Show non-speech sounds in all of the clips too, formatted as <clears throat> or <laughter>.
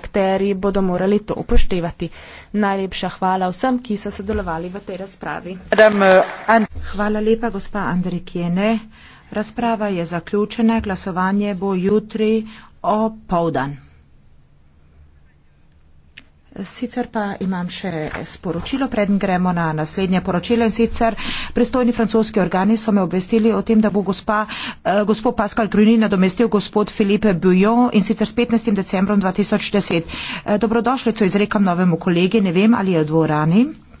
akteri bodo morali to upoštevati. Najlepša hvala vsem, ki so sodelovali v tej razpravi. Uh, hvala lepa, gospa Andrej Kjene. Razprava je zaključena, glasovanje bo jutri o povdan. Sicer pa imam še sporočilo, predn gremo na naslednje poročilo in sicer pristojni francoski organi so me obvestili o tem, da bo gospa, eh, gospod Pascal Gruni nadomestil gospod Filipe Bujon in sicer s 15. decembrom 2010. Eh, dobrodošlico izrekam novemu kolegi, ne vem ali je v dvorani. Eh,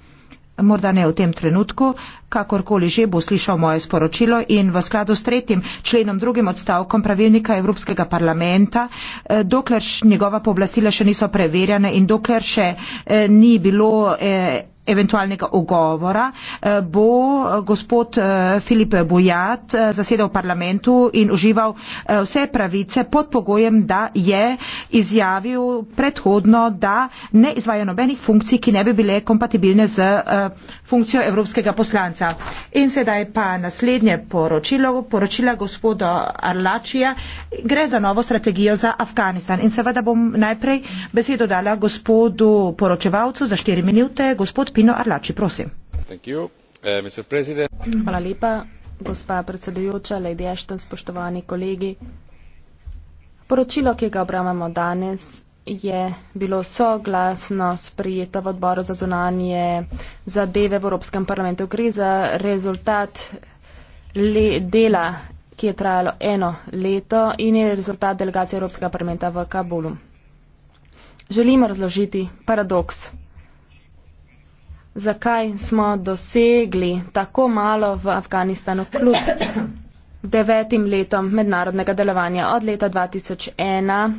morda ne v tem trenutku, kakorkoli že bo slišal moje sporočilo in v skladu s tretjim členom drugim odstavkom pravilnika Evropskega parlamenta, eh, dokler njegova pooblastila še niso preverjene in dokler še eh, ni bilo eh, eventualnega ogovora eh, bo eh, gospod eh, Filip Bojat zasedal v parlamentu in užival vse pravice pod pogojem, da je izjavil predhodno, da ne izvaja nobenih funkcij, ki ne bi bile kompatibilne z funkcijo evropskega poslanca. In sedaj pa naslednje poročilo, poročila gospoda Arlačija, gre za novo strategijo za Afganistan. In seveda bom najprej besedo dala gospodu poročevalcu za štiri minute. Gospod Eh, Hvala lepa, gospa predsedujoča, lady Ashton, spoštovani kolegi. Poročilo, ki ga obravnavamo danes, je bilo soglasno sprijeto v odboru za zunanje zadeve v Evropskem parlamentu. Gre za rezultat le dela, ki je trajalo eno leto in je rezultat delegacije Evropskega parlamenta v Kabulu. Želimo razložiti paradoks zakaj smo dosegli tako malo v Afganistanu kljub devetim letom mednarodnega delovanja. Od leta 2001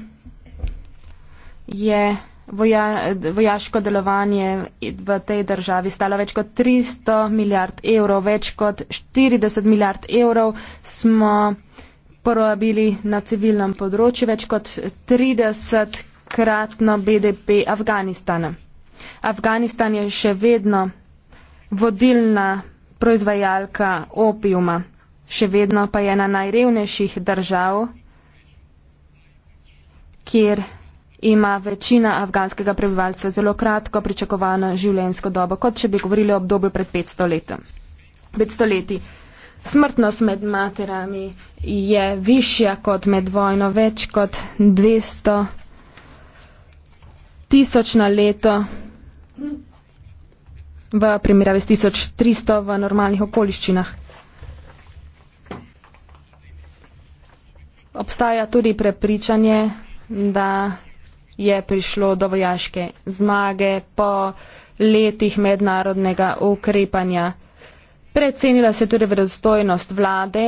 je voja, vojaško delovanje v tej državi stalo več kot 300 milijard evrov, več kot 40 milijard evrov smo porabili na civilnem področju, več kot 30 kratno BDP Afganistana. Afganistan je še vedno vodilna proizvajalka opijuma, še vedno pa je ena najrevnejših držav, kjer ima večina afganskega prebivalstva zelo kratko pričakovano življenjsko dobo, kot če bi govorili o obdobju pred 500 leti. 500 leti. Smrtnost med materami je višja kot med vojno, več kot 200 tisoč na leto v primerjavi s 1300 v normalnih okoliščinah. Obstaja tudi prepričanje, da je prišlo do vojaške zmage po letih mednarodnega ukrepanja. Precenila se tudi vredostojnost vlade,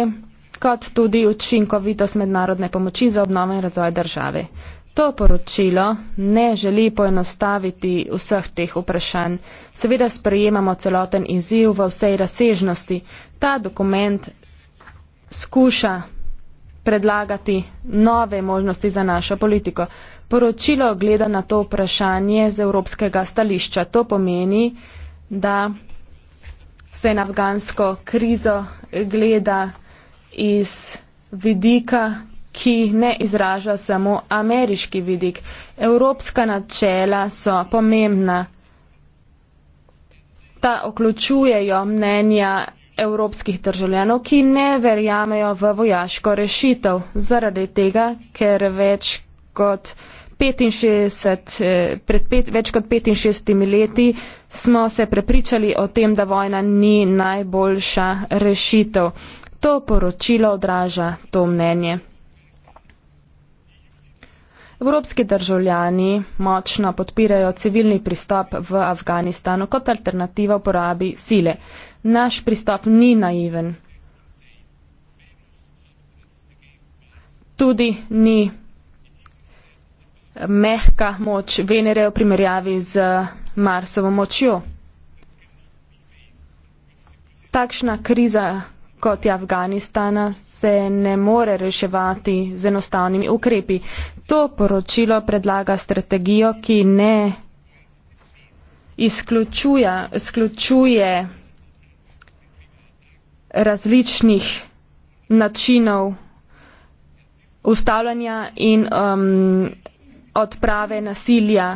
kot tudi učinkovitost mednarodne pomoči za obnove in razvoj države. To poročilo ne želi poenostaviti vseh teh vprašanj. Seveda sprejemamo celoten izziv v vsej razsežnosti. Ta dokument skuša predlagati nove možnosti za našo politiko. Poročilo gleda na to vprašanje z evropskega stališča. To pomeni, da se na afgansko krizo gleda iz vidika ki ne izraža samo ameriški vidik. Evropska načela so pomembna. Ta oključujejo mnenja evropskih državljanov, ki ne verjamejo v vojaško rešitev, zaradi tega, ker več kot 65, eh, pred pet, več kot 65 leti smo se prepričali o tem, da vojna ni najboljša rešitev. To poročilo odraža to mnenje. Evropski državljani močno podpirajo civilni pristop v Afganistanu kot alternativa uporabi sile. Naš pristop ni naiven. Tudi ni mehka moč Venere v primerjavi z Marsovo močjo. Takšna kriza poti Afganistana se ne more reševati z enostavnimi ukrepi. To poročilo predlaga strategijo, ki ne izključuje različnih načinov ustavljanja in um, odprave nasilja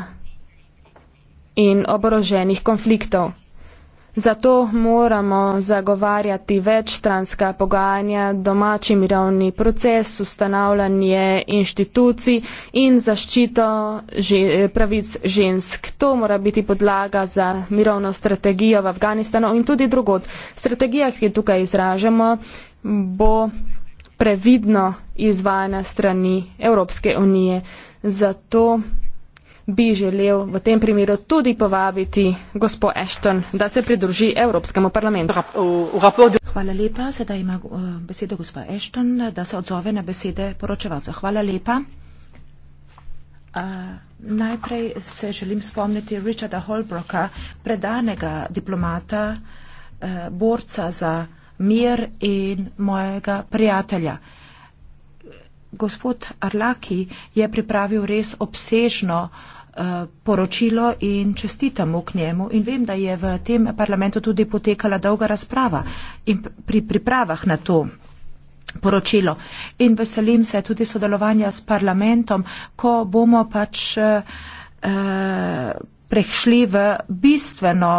in oboroženih konfliktov. Zato moramo zagovarjati večstranska pogajanja, domači mirovni proces, ustanavljanje inštitucij in zaščito pravic žensk. To mora biti podlaga za mirovno strategijo v Afganistanu in tudi drugod. Strategija, ki jo tukaj izražamo, bo previdno izvajana strani Evropske unije. Zato bi želel v tem primeru tudi povabiti gospod Ashton, da se pridruži Evropskemu parlamentu. Hvala lepa, sedaj ima eh, besedo gospod Ashton, da se odzove na besede poročevalca. Hvala lepa. Uh, najprej se želim spomniti Richarda Holbroka, predanega diplomata, uh, borca za mir in mojega prijatelja. Gospod Arlaki je pripravil res obsežno uh, Eh, poročilo in čestitam mu k njemu. In vem, da je v tem parlamentu tudi potekala dolga razprava in pri pripravah na to poročilo. In veselim se tudi sodelovanja s parlamentom, ko bomo pač eh, prešli v bistveno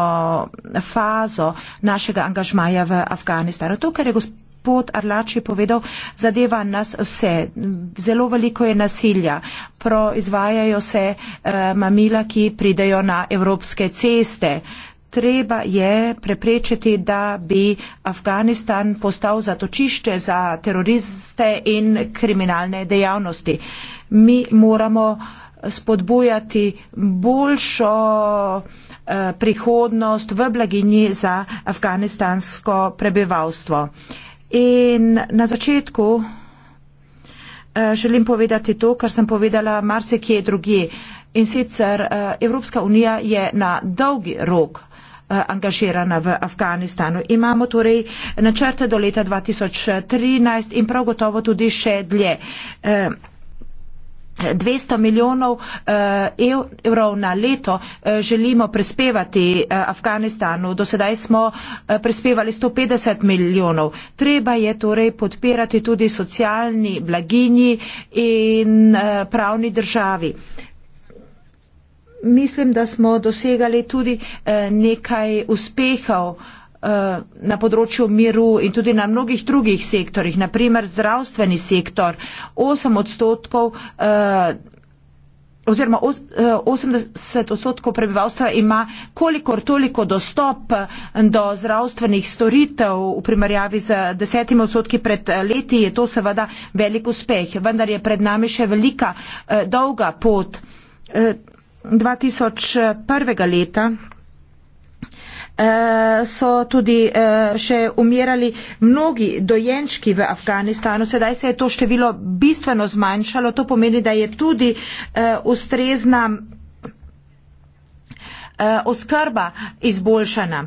fazo našega angažmaja v Afganistanu. To, kar je gospod gospod Arlač je povedal, zadeva nas vse. Zelo veliko je nasilja. Proizvajajo se eh, mamila, ki pridejo na evropske ceste. Treba je preprečiti, da bi Afganistan postal zatočišče za teroriste in kriminalne dejavnosti. Mi moramo spodbujati boljšo eh, prihodnost v blaginji za afganistansko prebivalstvo. Eh, In na začetku eh, želim povedati to, kar sem povedala marsikje drugi. In sicer eh, Evropska unija je na dolgi rok eh, angažirana v Afganistanu. Imamo torej načrte do leta 2013 in prav gotovo tudi še dlje. 200 milijonov eh, evrov na leto eh, želimo prispevati eh, Afganistanu. Do sedaj smo prispevali 150 milijonov. Treba je torej podpirati tudi socialni blaginji in pravni državi. Mislim, da smo dosegali tudi nekaj uspehov Eh, na področju miru in tudi na mnogih drugih sektorjih, naprimer zdravstveni sektor, 8 odstotkov eh, oziroma 80 eh, odstotkov prebivalstva ima kolikor toliko dostop do zdravstvenih storitev v primerjavi z desetimi odstotki pred leti, je to seveda velik uspeh, vendar je pred nami še velika, dolga pot. 2001. leta Eh, so tudi eh, še umirali mnogi dojenčki v Afganistanu. Sedaj se je to število bistveno zmanjšalo. To pomeni, da je tudi eh, ustrezna oskrba izboljšana.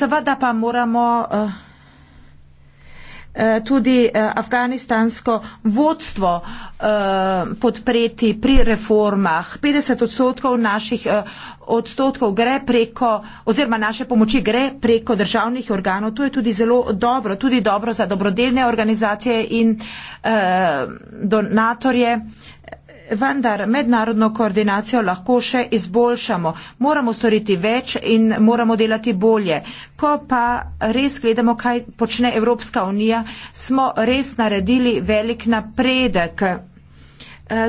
Seveda pa moramo. Eh, tudi eh, afganistansko vodstvo eh, podpreti pri reformah. 50 odstotkov naših odstotkov gre preko oziroma naše pomoči gre preko državnih organov. To je tudi zelo dobro, tudi dobro za dobrodelne organizacije in donatorje vendar mednarodno koordinacijo lahko še izboljšamo. Moramo storiti več in moramo delati bolje. Ko pa res gledamo, kaj počne Evropska unija, smo res naredili velik napredek. Eh,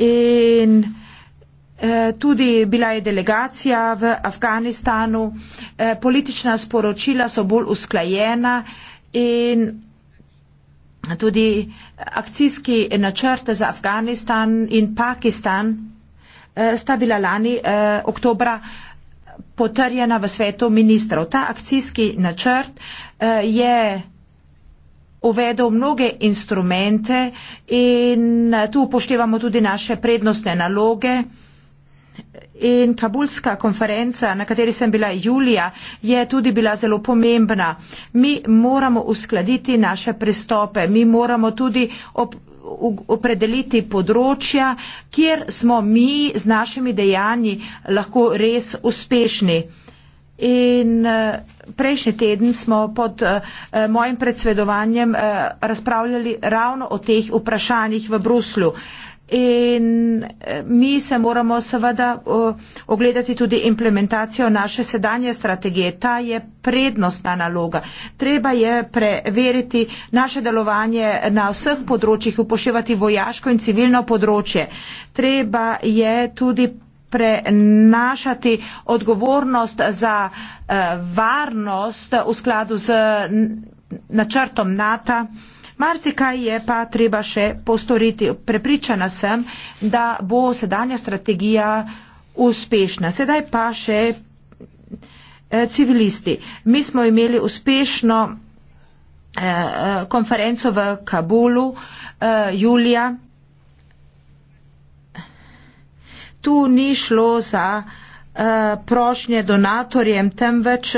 in eh, tudi bila je delegacija v Afganistanu, eh, politična sporočila so bolj usklajena in tudi akcijski načrt za Afganistan in Pakistan eh, sta bila lani eh, oktobra potrjena v svetu ministrov. Ta akcijski načrt eh, je uvedel mnoge instrumente in tu upoštevamo tudi naše prednostne naloge eh, In kabulska konferenca, na kateri sem bila julija, je tudi bila zelo pomembna. Mi moramo uskladiti naše pristope, mi moramo tudi ob, ob, opredeliti področja, kjer smo mi z našimi dejanji lahko res uspešni. In eh, prejšnji teden smo pod eh, eh mojim predsvedovanjem eh, razpravljali ravno o teh vprašanjih v Bruslju in eh, mi se moramo seveda ogledati tudi implementacijo naše sedanje strategije. Ta je prednostna naloga. Treba je preveriti naše delovanje na vseh področjih, upoštevati vojaško in civilno področje. Treba je tudi prenašati odgovornost za eh, varnost v skladu z načrtom NATO. Marsikaj je pa treba še postoriti. Prepričana sem, da bo sedanja strategija uspešna. Sedaj pa še eh, civilisti. Mi smo imeli uspešno eh, eh, konferenco v Kabulu julija. Tu ni šlo za Eh, prošnje donatorjem, temveč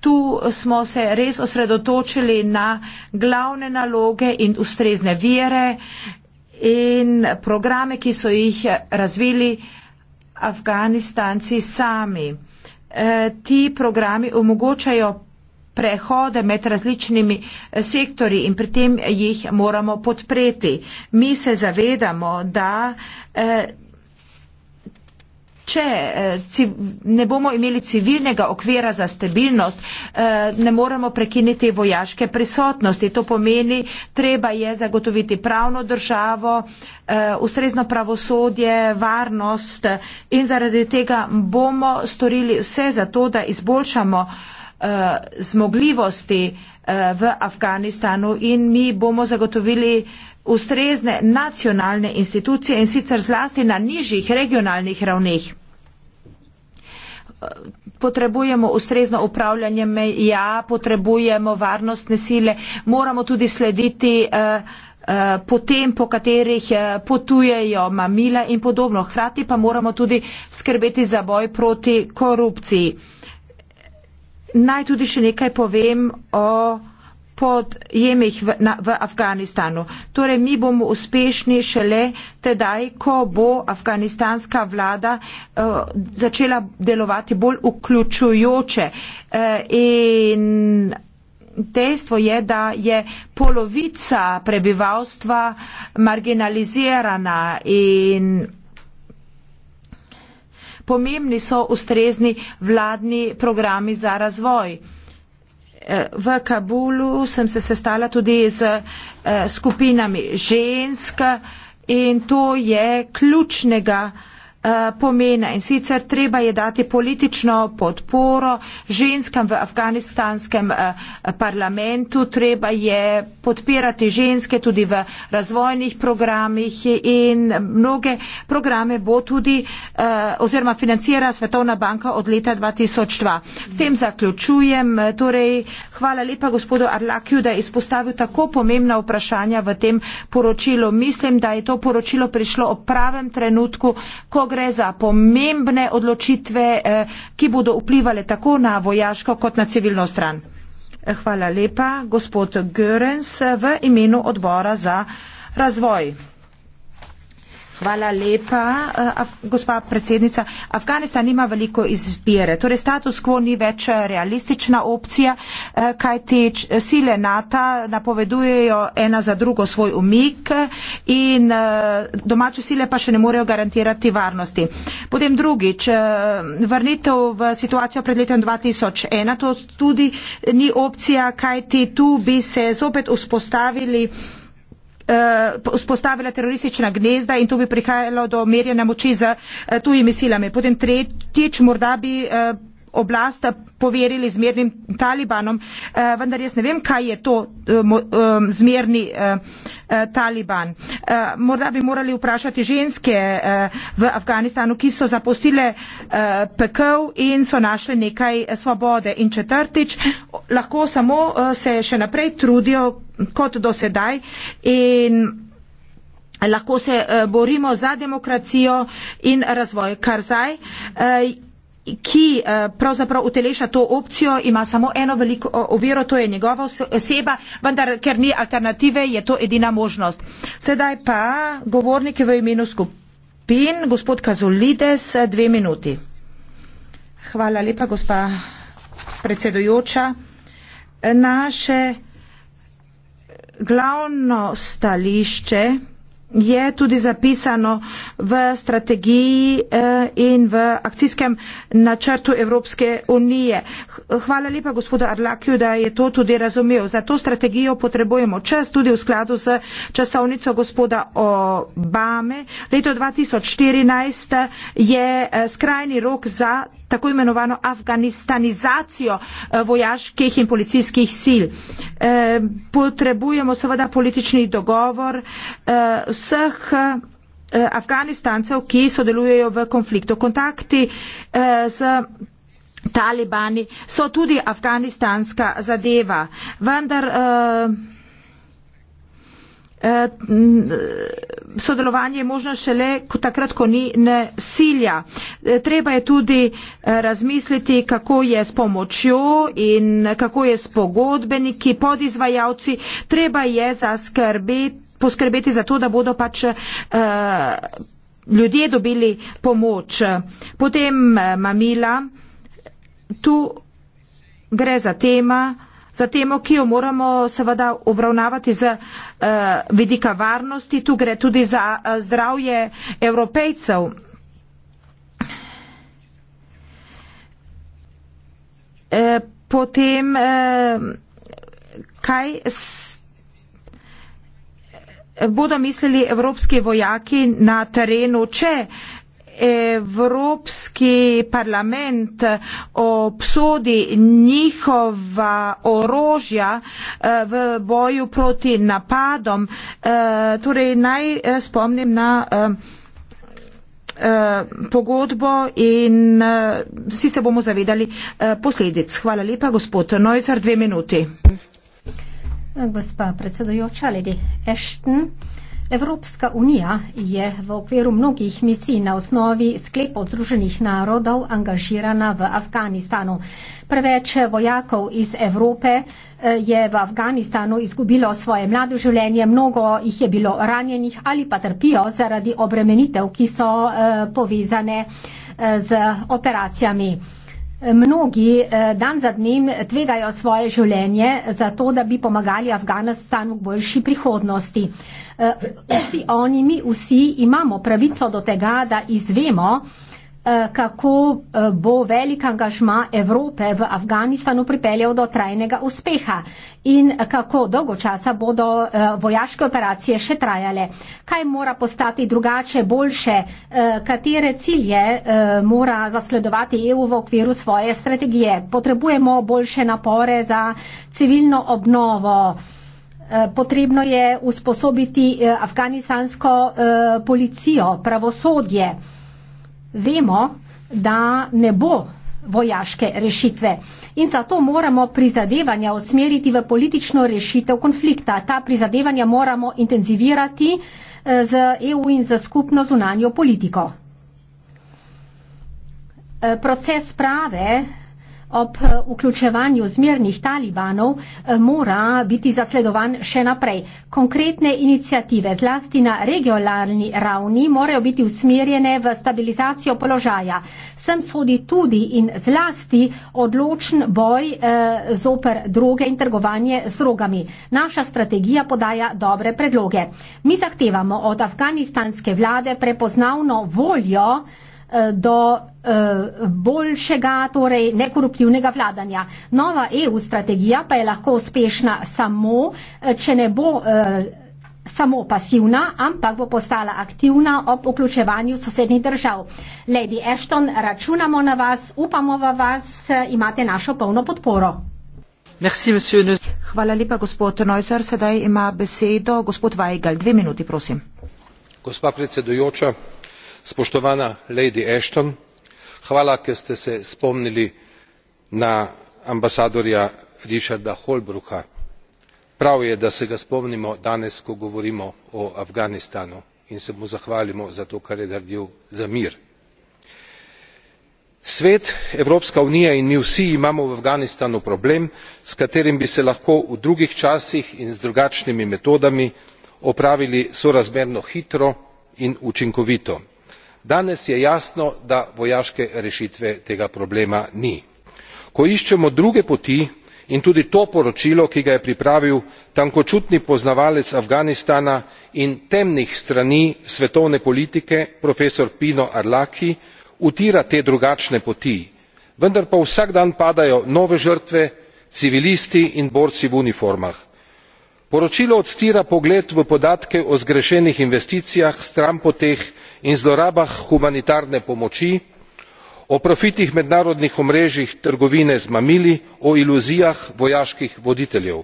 tu smo se res osredotočili na glavne naloge in ustrezne vire in programe, ki so jih razvili Afganistanci sami. Eh, ti programi omogočajo prehode med različnimi eh, sektori in pri tem jih moramo podpreti. Mi se zavedamo, da če eh, civ, ne bomo imeli civilnega okvira za stabilnost, eh, ne moremo prekiniti vojaške prisotnosti. To pomeni, treba je zagotoviti pravno državo, eh, ustrezno pravosodje, varnost in zaradi tega bomo storili vse za to, da izboljšamo zmogljivosti v Afganistanu in mi bomo zagotovili ustrezne nacionalne institucije in sicer zlasti na nižjih regionalnih ravneh. Potrebujemo ustrezno upravljanje meja, potrebujemo varnostne sile, moramo tudi slediti eh, eh, potem, po katerih eh, potujejo mamila in podobno. Hrati pa moramo tudi skrbeti za boj proti korupciji. Naj tudi še nekaj povem o pod jemih v, na, v Afganistanu. Torej, mi bomo uspešni šele tedaj, ko bo afganistanska vlada uh, začela delovati bolj vključujoče. Uh, in dejstvo je, da je polovica prebivalstva marginalizirana in pomembni so ustrezni vladni programi za razvoj v Kabulu sem se sestala tudi z eh, skupinami žensk in to je ključnega. Eh, pomena in sicer treba je dati politično podporo ženskam v afganistanskem eh, parlamentu, treba je podpirati ženske tudi v razvojnih programih in mnoge programe bo tudi eh, oziroma financira Svetovna banka od leta 2002. S tem zaključujem. Torej, hvala lepa gospodu Arlakiju, da je izpostavil tako pomembna vprašanja v tem poročilu. Mislim, da je to poročilo prišlo ob pravem trenutku, ko gre gre za pomembne odločitve, eh, ki bodo vplivali tako na vojaško kot na civilno stran. Eh, hvala lepa, gospod Görens, v imenu odbora za razvoj. Hvala lepa, eh, Af gospa predsednica. Afganistan nima veliko izbire. Torej, status quo ni več eh, realistična opcija, eh, kaj te sile NATO napovedujejo ena za drugo svoj umik in domače sile pa še ne morejo garantirati varnosti. Potem drugič, vrnitev v situacijo pred letom 2001, to tudi ni opcija, kaj ti tu bi se zopet vzpostavili Eh, vzpostavila teroristična gnezda in to bi prihajalo do merjena moči z eh, tujimi silami. Potem tretjič, morda bi eh, oblast poverili zmernim talibanom, eh, vendar jaz ne vem, kaj je to eh, eh, zmerni taliban. Morda bi morali vprašati ženske v Afganistanu, ki so zapustile pekel in so našle nekaj svobode. In četrtič, lahko samo se še naprej trudijo kot do sedaj in lahko se borimo za demokracijo in razvoj Karzaj ki eh, pravzaprav uteleša to opcijo, ima samo eno veliko oviro, to je njegova oseba, vendar ker ni alternative, je to edina možnost. Sedaj pa govornik v imenu skupin, gospod Kazulides, eh, dve minuti. Hvala lepa, gospa predsedujoča. Naše glavno stališče je tudi zapisano v strategiji eh, in v akcijskem načrtu Evropske unije. Hvala lepa gospodu Arlakiju, da je to tudi razumel. Za to strategijo potrebujemo čas tudi v skladu z časovnico gospoda Obame. Leto 2014 je eh, skrajni rok za tako imenovano afganistanizacijo eh, vojaških in policijskih sil. Eh, potrebujemo seveda politični dogovor eh, vseh Afganistancev, ki sodelujejo v konfliktu. Kontakti z talibani so tudi afganistanska zadeva, vendar sodelovanje je možno šele takrat, ko ni nasilja. E, treba je tudi e, razmisliti, kako je s pomočjo in kako je s pogodbeniki, podizvajalci. Treba je zaskrbeti, poskrbeti za to, da bodo pač. Uh, Ljudje dobili pomoč. Potem mamila, tu gre za tema, za temo, ki jo moramo seveda obravnavati z uh, vidika varnosti, tu gre tudi za uh, zdravje evropejcev. Eh, potem, kaj bodo mislili evropski vojaki na terenu, če Evropski parlament obsodi njihova orožja eh, v boju proti napadom. Eh, torej naj eh, spomnim na pogodbo in vsi se bomo zavedali posledic. Hvala lepa, gospod Neuser, dve minuti. Gospa predsedujoča, Lady Ashton. Evropska unija je v okviru mnogih misij na osnovi sklepov Združenih narodov angažirana v Afganistanu. Preveč vojakov iz Evrope eh, je v Afganistanu izgubilo svoje mlado življenje, mnogo jih je bilo ranjenih ali pa trpijo zaradi obremenitev, ki so eh, povezane eh, z operacijami. Mnogi eh, dan za dnem tvegajo svoje življenje za to, da bi pomagali Afganistanu k boljši prihodnosti. Eh, vsi oni, mi vsi imamo pravico do tega, da izvemo, Eh, kako eh, bo velik angažma Evrope v Afganistanu pripeljal do trajnega uspeha in eh, kako dolgo časa bodo vojaške operacije še trajale. Kaj mora postati drugače, boljše, katere cilje mora zasledovati EU v okviru svoje strategije. Potrebujemo boljše napore za civilno obnovo. Potrebno je usposobiti afganistansko policijo, pravosodje vemo, da ne bo vojaške rešitve. In zato moramo prizadevanja usmeriti v politično rešitev konflikta. Ta prizadevanja moramo intenzivirati eh, z EU in z skupno zunanjo politiko. Eh, proces prave ob eh, vključevanju zmernih talibanov eh, mora biti zasledovan še naprej. Konkretne inicijative, zlasti na regionalni ravni, morajo biti usmerjene v stabilizacijo položaja. Sem sodi tudi in zlasti odločen boj eh, zoper droge in trgovanje z drogami. Naša strategija podaja dobre predloge. Mi zahtevamo od afganistanske vlade prepoznavno voljo, Eh, do eh, boljšega, torej nekoruptivnega vladanja. Nova EU strategija pa je lahko uspešna samo, eh, če ne bo samo pasivna, ampak bo postala aktivna ob vključevanju sosednjih držav. Lady Ashton, računamo na vas, upamo v vas, imate našo polno podporo. Merci, Hvala lepa, gospod Neusser. Sedaj ima besedo gospod Weigel. Dve minuti, prosim. Gospa predsedujoča, spoštovana lady ashton hvala ker ste se spomnili na ambasadorja richarda holbrooka prav je da se ga spomnimo danes ko govorimo o afganistanu in se mu zahvalimo za to kar je naredil za mir. svet evropska unija in mi vsi imamo v afganistanu problem s katerim bi se lahko v drugih časih in z drugačnimi metodami opravili sorazmerno hitro in učinkovito danes je jasno da vojaške rešitve tega problema ni. ko iščemo druge poti in tudi to poročilo ki ga je pripravil tankočutni poznavalec afganistana in temnih strani svetovne politike profesor pino arlacchi utira te drugačne poti vendar pa vsak dan padajo nove žrtve civilisti in borci v uniformah. poročilo odstira pogled v podatke o zgrešenih investicijah stranpoteh in zlorabah humanitarne pomoči o profitih mednarodnih omrežij trgovine z mamili o iluzijah vojaških voditeljev.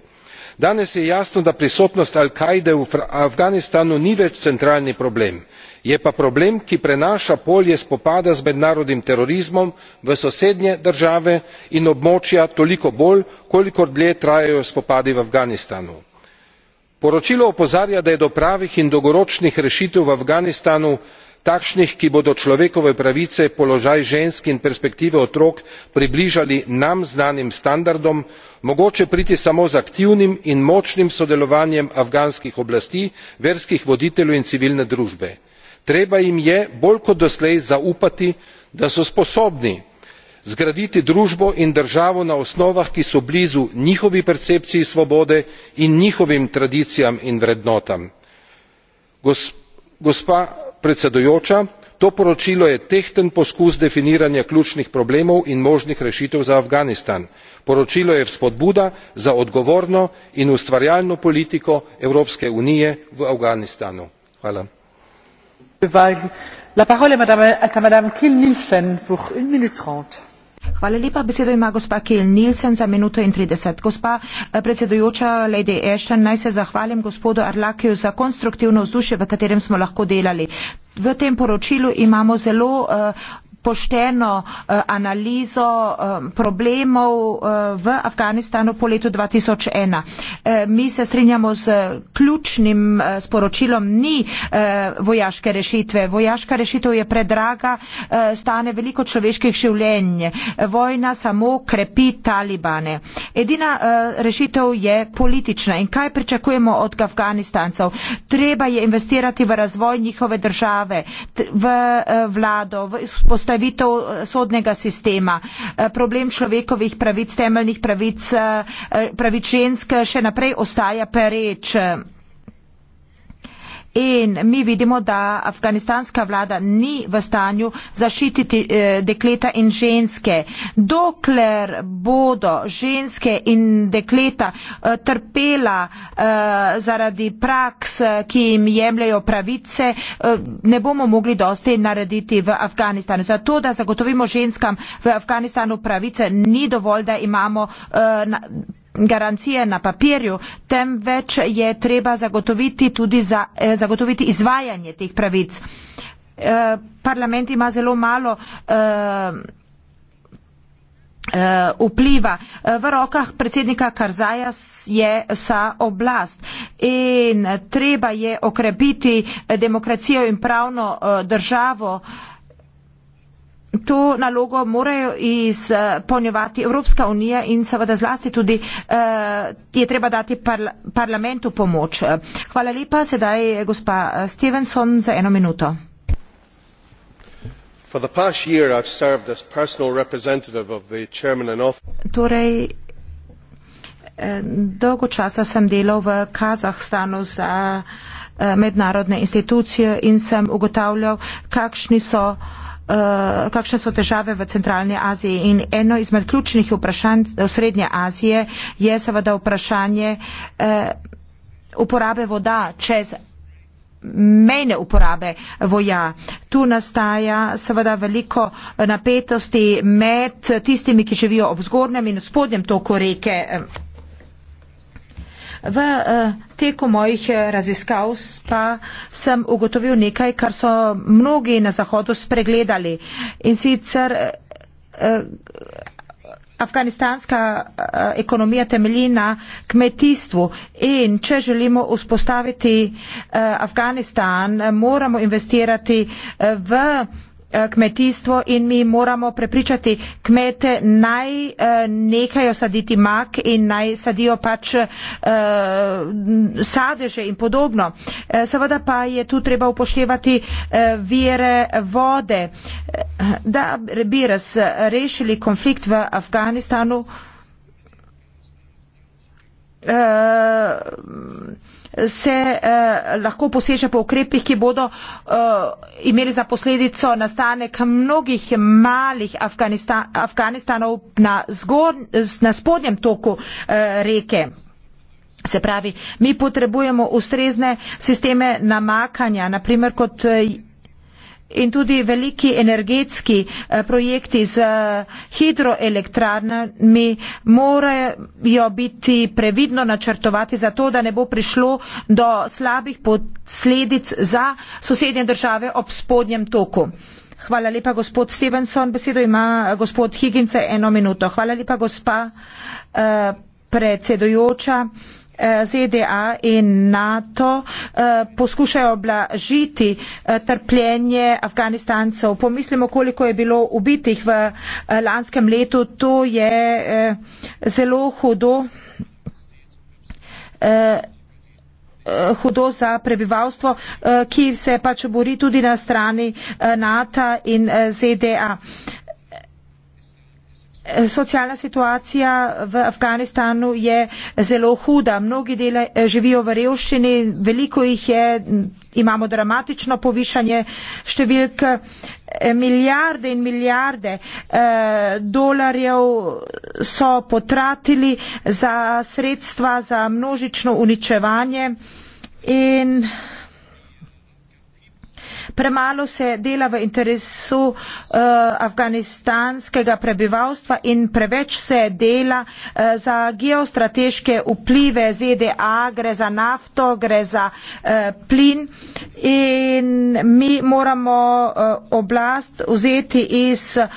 danes je jasno da prisotnost al kaide v afganistanu ni več centralni problem je pa problem ki prenaša polje spopada z mednarodnim terorizmom v sosednje države in območja toliko bolj kolikor dlje trajajo spopadi v afganistanu. poročilo opozarja da je do pravih in dolgoročnih rešitev v afganistanu takšnih ki bodo človekove pravice položaj žensk in perspektive otrok približali nam znanim standardom mogoče priti samo z aktivnim in močnim sodelovanjem afganskih oblasti verskih voditeljev in civilne družbe. treba jim je bolj kot doslej zaupati da so sposobni zgraditi družbo in državo na osnovah ki so blizu njihovi percepciji svobode in njihovim tradicijam in vrednotam. gospa predsedujoča to poročilo je tehten poskus definiranja ključnih problemov in možnih rešitev za afganistan poročilo je vzpodbuda za odgovorno in ustvarjalno politiko evropske unije v afganistanu. Hvala lepa. Besedo ima gospa Kiel Nilsen za minuto in 30. Gospa eh, predsedujoča Lady Ashton, naj se zahvalim gospodu Arlakiju za konstruktivno vzdušje, v katerem smo lahko delali. V tem poročilu imamo zelo uh, pošteno eh, analizo eh, problemov eh, v Afganistanu po letu 2001. Mi se strinjamo z ključnim sporočilom, ni vojaške rešitve. Vojaška rešitev je predraga, stane veliko človeških življenj. Vojna samo krepi talibane. Edina rešitev je politična. In kaj pričakujemo od Afganistancev? Treba je investirati v razvoj njihove države, v vlado, v spostavljanje vzpostavitev eh, sodnega sistema, eh, problem človekovih pravic, temeljnih pravic, eh, pravic ženske še naprej ostaja pereč in mi vidimo, da afganistanska vlada ni v stanju zaščititi eh, dekleta in ženske. Dokler bodo ženske in dekleta eh, trpela eh, zaradi praks, eh, ki jim jemljajo pravice, eh, ne bomo mogli dosti narediti v Afganistanu. Zato, da zagotovimo ženskam v Afganistanu pravice, ni dovolj, da imamo eh, na, garancije na papirju, temveč je treba zagotoviti tudi za, eh, zagotoviti izvajanje teh pravic. Eh, parlament ima zelo malo eh, eh, vpliva. V rokah predsednika Karzaja je vsa oblast in treba je okrepiti demokracijo in pravno eh, državo. Eh, to nalogo morajo izpolnjevati Evropska unija in seveda zlasti tudi uh, je treba dati parla parlamentu pomoč. Hvala lepa, sedaj je eh, gospa Stevenson za eno minuto. Torej, eh, dolgo časa sem delal v Kazahstanu za mednarodne institucije in sem ugotavljal, kakšni so uh, Eh, kakšne so težave v centralni Aziji. In eno izmed ključnih vprašanj eh, Srednje Azije je seveda vprašanje eh, uporabe voda čez mejne uporabe voja. Tu nastaja seveda veliko napetosti med tistimi, ki živijo ob zgornjem in spodnjem toku reke V eh, teku mojih eh, raziskav pa sem ugotovil nekaj, kar so mnogi na Zahodu spregledali. In sicer eh, afganistanska ekonomija temelji na kmetijstvu. In če želimo vzpostaviti Afganistan, moramo investirati v. Eh, kmetijstvo in mi moramo prepričati kmete naj eh, nehajo saditi mak in naj sadijo pač eh, sadeže in podobno. Seveda pa je tu treba upoštevati vire vode. Da bi razrešili konflikt v Afganistanu, se eh, lahko poseže po ukrepih, ki bodo eh, imeli za posledico nastanek mnogih malih Afganistan, Afganistanov na, zgod, na spodnjem toku eh, reke. Se pravi, mi potrebujemo ustrezne sisteme namakanja, naprimer kot. Eh, in tudi veliki energetski eh, projekti z eh, hidroelektrarnami morajo biti previdno načrtovati za to, da ne bo prišlo do slabih posledic za sosednje države ob spodnjem toku. Hvala lepa, gospod Stevenson. Besedo ima eh, gospod Higince eno minuto. Hvala lepa, gospa uh, predsedujoča. Uh, ZDA in NATO eh, poskušajo oblažiti eh, trpljenje Afganistancev. Pomislimo, koliko je bilo ubitih v eh, lanskem letu. To je zelo hudo. hudo za prebivalstvo, ki se pač bori tudi na strani NATO in ZDA. Socialna situacija v Afganistanu je zelo huda. Mnogi dele eh, živijo v revščini, veliko jih je, imamo dramatično povišanje številk. Eh, milijarde in milijarde eh, dolarjev so potratili za sredstva za množično uničevanje in premalo se dela v interesu uh, afganistanskega prebivalstva in preveč se dela uh, za geostrateške vplive ZDA, gre za nafto, gre za uh, plin in mi moramo uh, oblast vzeti iz uh,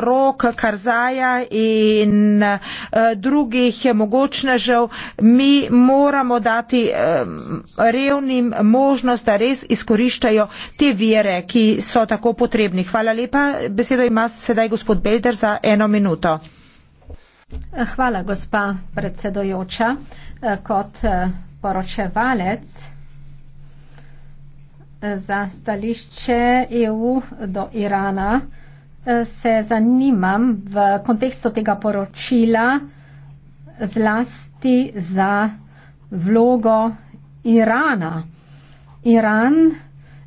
rok Karzaja in uh, drugih mogočnežev. Mi moramo dati uh, revnim možnost, da res izkoriščajo te vire, ki so tako potrebni. Hvala lepa. Besedo ima sedaj gospod Belder za eno minuto. Hvala, gospa predsedojoča. Kot eh, poročevalec eh, za stališče EU do Irana eh, se zanimam v kontekstu tega poročila zlasti za vlogo Irana. Iran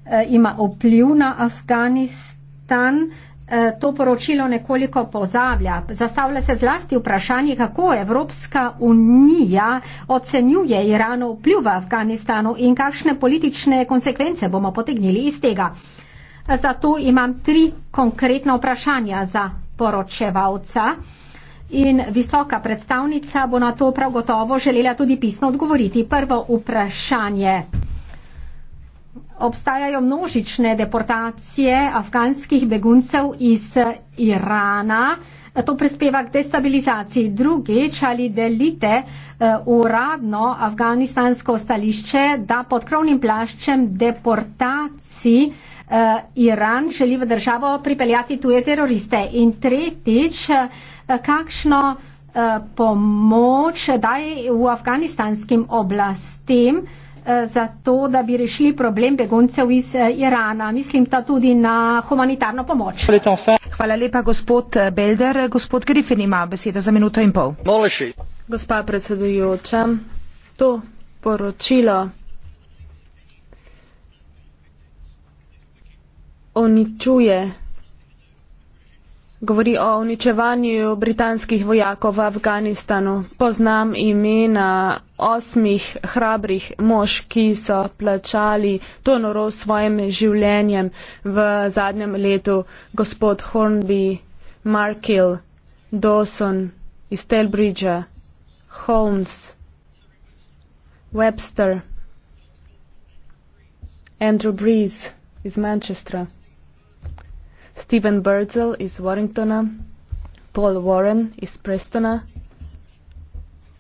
Eh, ima vpliv na Afganistan. Eh, to poročilo nekoliko pozablja. Zastavlja se zlasti vprašanje, kako Evropska unija ocenjuje Iranov vpliv v Afganistanu in kakšne politične konsekvence bomo potegnili iz tega. Eh, zato imam tri konkretna vprašanja za poročevalca in visoka predstavnica bo na to prav gotovo želela tudi pisno odgovoriti. Prvo vprašanje obstajajo množične deportacije afganskih beguncev iz Irana. To prispeva k destabilizaciji. Drugič, ali delite eh, uradno afganistansko stališče, da pod krovnim plaščem deportacij eh, Iran želi v državo pripeljati tuje teroriste. In tretjič, eh, kakšno pomoč daje v afganistanskim oblastem, Eh, za to, da bi rešili problem beguncev iz eh, Irana. Mislim ta tudi na humanitarno pomoč. Hvala lepa, gospod eh, Belder. Gospod Griffin ima besedo za minuto in pol. Moleši. Gospa predsedujoča, to poročilo uničuje govori o uničevanju britanskih vojakov v Afganistanu. Poznam imena osmih hrabrih mož, ki so plačali to noro s svojim življenjem v zadnjem letu. Gospod Hornby, Markill, Dawson iz Telbridgea, Holmes, Webster, Andrew Breeze iz Manchestra. Steven Birdsell iz Warringtona, Paul Warren iz Prestona,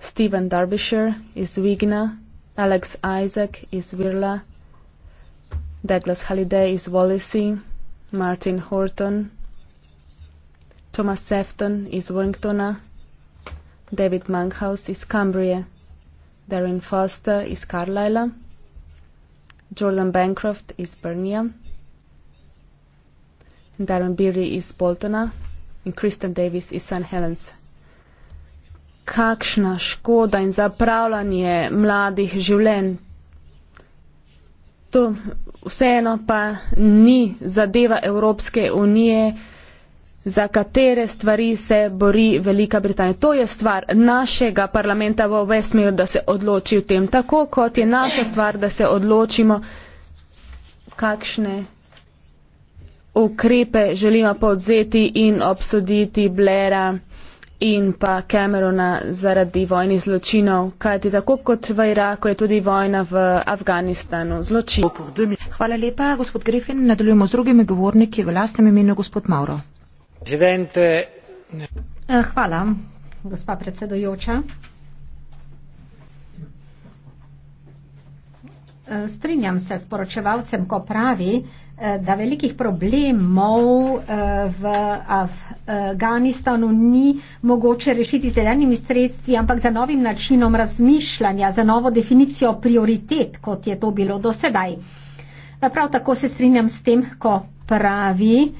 Steven Derbyshire iz Wigna, Alex Isaac iz Virla, Douglas Halliday iz Wallisey, Martin Horton, Thomas Sefton iz Warringtona, David Monkhouse iz Cambrie, Darren Foster iz Carlisla, Jordan Bancroft iz Burnia, Darren Beery iz Boltona in Kristen Davis iz St. Helens. Kakšna škoda in zapravljanje mladih življenj. To vseeno pa ni zadeva Evropske unije, za katere stvari se bori Velika Britanija. To je stvar našega parlamenta v Vesmiru, da se odloči v tem, tako kot je naša stvar, da se odločimo, kakšne ukrepe želimo povzeti in obsoditi Blera in pa Camerona zaradi vojnih zločinov, kajti tako kot v Iraku je tudi vojna v Afganistanu zločin. Hvala lepa, gospod Griffin. Nadaljujemo z drugimi govorniki v lastnem imenu, gospod Mauro. Eh, hvala, gospa predsedojoča. Eh, strinjam se s poročevalcem, ko pravi, Eh, da velikih problemov eh, v Afganistanu ni mogoče rešiti z enimi sredstvi, ampak za novim načinom razmišljanja, za novo definicijo prioritet, kot je to bilo do sedaj. Eh, prav tako se strinjam s tem, ko pravi,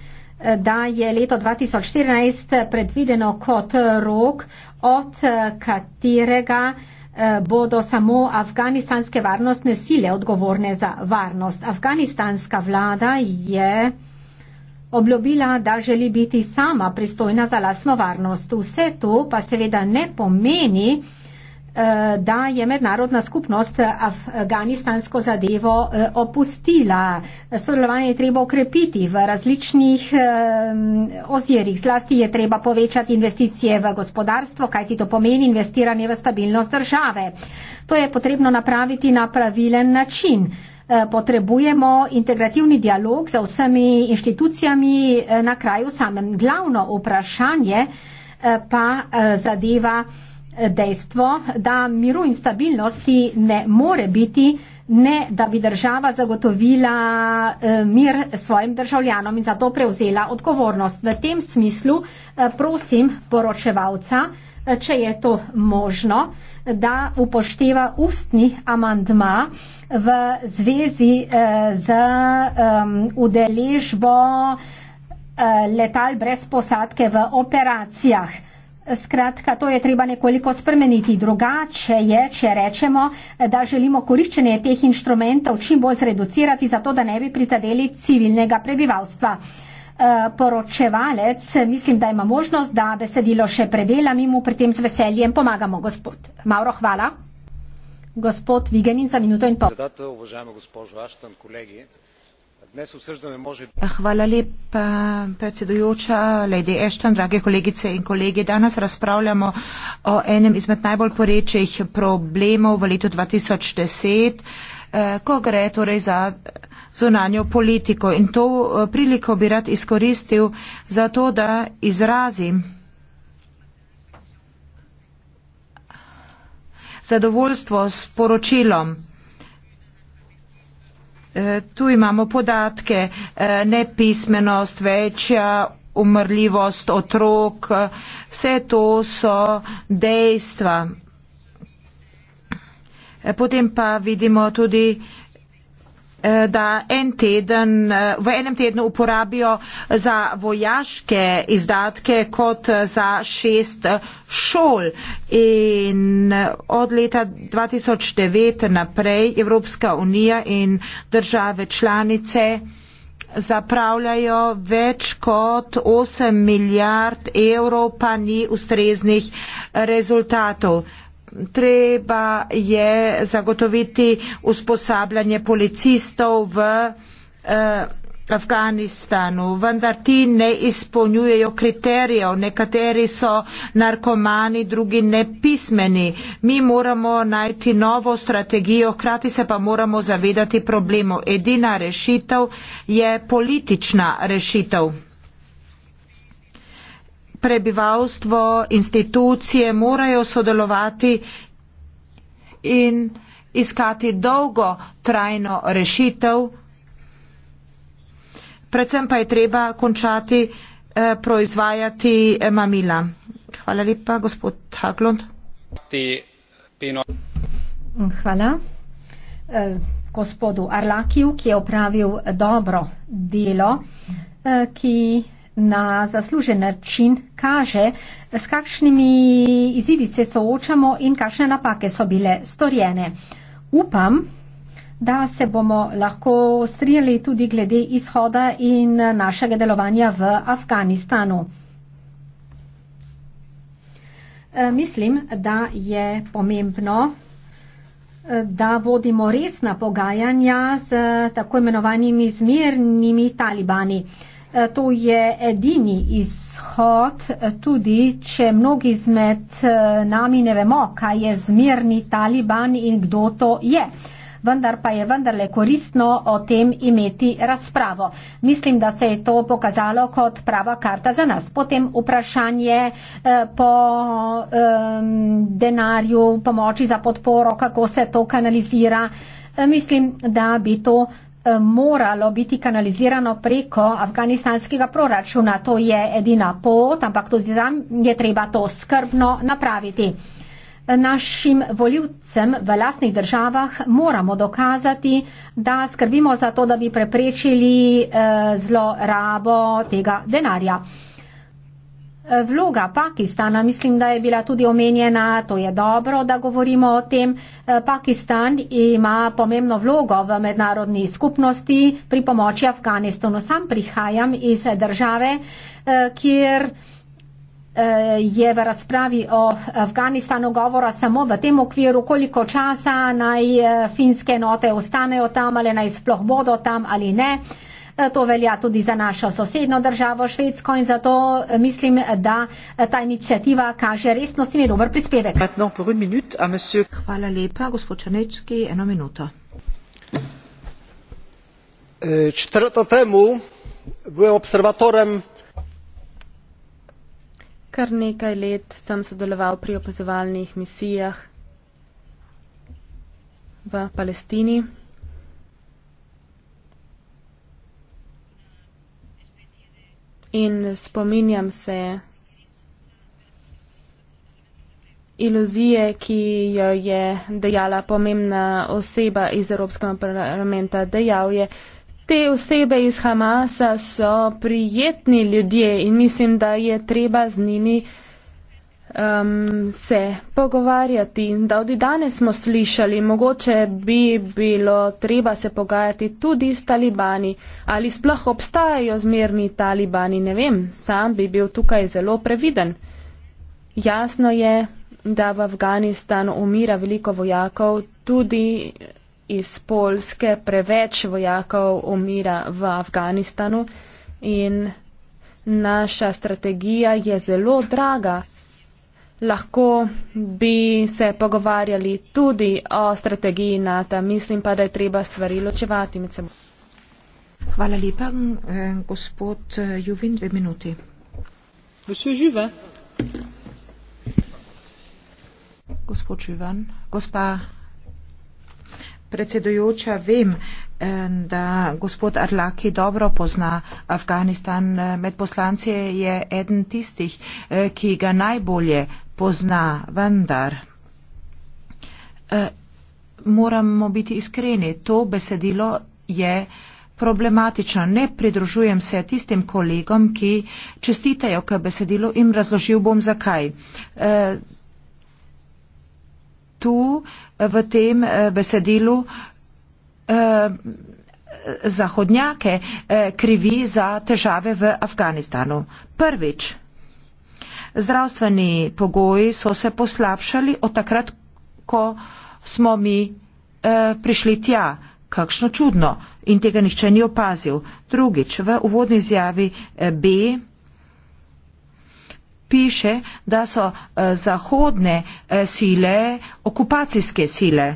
da je leto 2014 predvideno kot rok, od katerega Eh, bodo samo afganistanske varnostne sile odgovorne za varnost. Afganistanska vlada je obljubila, da želi biti sama pristojna za lasno varnost. Vse to pa seveda ne pomeni, Eh, da je mednarodna skupnost afganistansko zadevo eh, opustila. Sodelovanje je treba okrepiti v različnih eh, ozirih. Zlasti je treba povečati investicije v gospodarstvo, kaj ti to pomeni investiranje v stabilnost države. To je potrebno napraviti na pravilen način. Potrebujemo integrativni dialog za vsemi inštitucijami na kraju samem. Glavno vprašanje pa zadeva dejstvo, da miru in stabilnosti ne more biti, ne da bi država zagotovila eh, mir svojim državljanom in za to prevzela odgovornost. V tem smislu eh, prosim poročevalca, eh, če je to možno, da upošteva ustni amandma v zvezi z udeležbo letal brez posadke v operacijah. Skratka, to je treba nekoliko spremeniti. Drugače je, če rečemo, da želimo koriščenje teh inštrumentov čim bolj zreducirati, zato da ne bi prizadeli civilnega prebivalstva. E, poročevalec, mislim, da ima možnost, da besedilo še predela, mi mu pri tem z veseljem pomagamo. Gospod Mauro, hvala. Gospod Vigenin, za minuto in pol. Hvala lepa, predsedujoča, Lady Ashton, drage kolegice in kolegi. Danes razpravljamo o enem izmed najbolj porečih problemov v letu 2010, eh, ko gre torej za zunanjo politiko. In to eh, priliko bi rad izkoristil za to, da izrazim zadovoljstvo s poročilom Eh, tu imamo podatke, eh, nepismenost, večja umrljivost otrok, vse to so dejstva. Eh, potem pa vidimo tudi Eh, da en teden, eh, v enem tednu uporabijo za vojaške izdatke kot eh, za šest šol. In od leta 2009 naprej Evropska unija in države članice zapravljajo več kot 8 milijard evrov, pa ni ustreznih rezultatov treba je zagotoviti usposabljanje policistov v eh, Afganistanu, vendar ti ne izpolnjujejo kriterijev, nekateri so narkomani, drugi nepismeni. Mi moramo najti novo strategijo, hkrati se pa moramo zavedati problemov. Edina rešitev je politična rešitev prebivalstvo, institucije morajo sodelovati in iskati dolgo trajno rešitev. Predvsem pa je treba končati eh, proizvajati eh, mamila. Hvala lepa, gospod Haglund. Hvala. Eh, gospodu Arlakiju, ki je opravil dobro delo, eh, ki na zaslužen način kaže, s kakšnimi izzivi se soočamo in kakšne napake so bile storjene. Upam, da se bomo lahko strinjali tudi glede izhoda in našega delovanja v Afganistanu. E, mislim, da je pomembno, e, da vodimo resna pogajanja z tako imenovanimi zmernimi talibani. To je edini izhod, tudi če mnogi izmed eh, nami ne vemo, kaj je zmirni taliban in kdo to je. Vendar pa je vendarle koristno o tem imeti razpravo. Mislim, da se je to pokazalo kot prava karta za nas. Potem vprašanje eh, po eh, denarju, pomoči za podporo, kako se to kanalizira. Eh, mislim, da bi to moralo biti kanalizirano preko afganistanskega proračuna. To je edina pot, ampak tudi tam je treba to skrbno napraviti. Našim voljivcem v lasnih državah moramo dokazati, da skrbimo za to, da bi preprečili eh, zlorabo tega denarja. Vloga Pakistana, mislim, da je bila tudi omenjena, to je dobro, da govorimo o tem. Pakistan ima pomembno vlogo v mednarodni skupnosti pri pomoči Afganistonu. Sam prihajam iz države, eh, kjer eh, je v razpravi o Afganistanu govora samo v tem okviru, koliko časa naj eh, finske note ostanejo tam ali naj sploh bodo tam ali ne. Eh, to velja tudi za našo sosedno državo Švedsko in zato eh, mislim, da eh, ta inicijativa kaže resnost in je dober prispevek. Hvala lepa, gospod Črnečki, eno minuto. Četrto temu bil observatorem. Kar nekaj let sem sodeloval pri opazovalnih misijah v Palestini. in spominjam se iluzije, ki jo je dejala pomembna oseba iz Evropskega parlamenta. Dejal je, te osebe iz Hamasa so prijetni ljudje in mislim, da je treba z njimi um, se pogovarjati. Da tudi danes smo slišali, mogoče bi bilo treba se pogajati tudi s talibani. Ali sploh obstajajo zmerni talibani, ne vem. Sam bi bil tukaj zelo previden. Jasno je, da v Afganistanu umira veliko vojakov, tudi iz Polske preveč vojakov umira v Afganistanu in naša strategija je zelo draga lahko bi se pogovarjali tudi o strategiji NATO. Mislim pa, da je treba stvari ločevati med seboj. Hvala lepa, eh, gospod eh, Juvin, dve minuti. Gospod Živan. Gospod Živan, gospa predsedujoča, vem, eh, da gospod Arlaki dobro pozna Afganistan. Med poslanci je eden tistih, ki ga najbolje pozna, vendar e, moramo biti iskreni, to besedilo je problematično. Ne pridružujem se tistim kolegom, ki čestitajo k besedilu in razložil bom zakaj. E, tu eh, v tem besedilu e, zahodnjake e, krivi za težave v Afganistanu. Prvič, zdravstveni pogoji so se poslabšali od takrat, ko smo mi eh, prišli tja. Kakšno čudno in tega nihče ni opazil. Drugič, v uvodni izjavi eh, B piše, da so eh, zahodne eh, sile okupacijske sile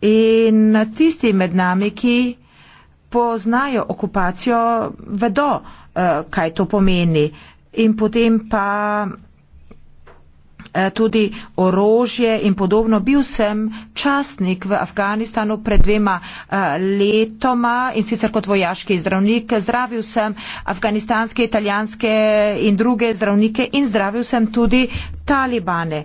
in tisti med nami, ki poznajo okupacijo, vedo, kaj to pomeni. In potem pa Eh, tudi orožje in podobno. Bil sem častnik v Afganistanu pred dvema eh, letoma in sicer kot vojaški zdravnik. Zdravil sem afganistanske, italijanske in druge zdravnike in zdravil sem tudi talibane.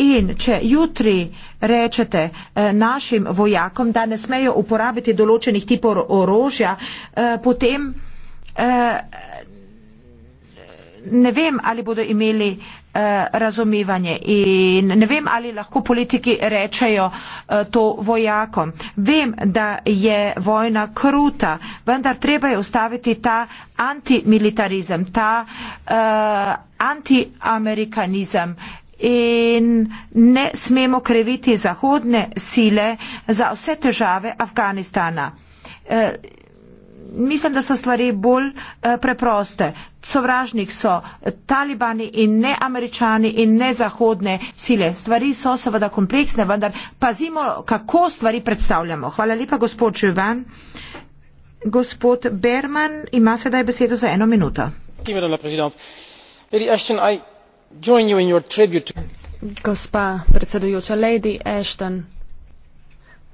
In če jutri rečete eh, našim vojakom, da ne smejo uporabiti določenih tipov orožja, eh, potem eh, ne vem, ali bodo imeli eh, Eh, razumevanje. In ne vem, ali lahko politiki rečejo eh, to vojakom. Vem, da je vojna kruta, vendar treba je ustaviti ta antimilitarizem, ta uh, antiamerikanizem. In ne smemo kriviti zahodne sile za vse težave Afganistana. Uh, mislim, da so stvari bolj eh, preproste. Sovražnik so talibani in ne američani in ne zahodne sile. Stvari so seveda kompleksne, vendar pazimo, kako stvari predstavljamo. Hvala lepa, gospod Čevan. Gospod Berman ima sedaj besedo za eno minuto. Gospa predsedujoča, Lady Ashton.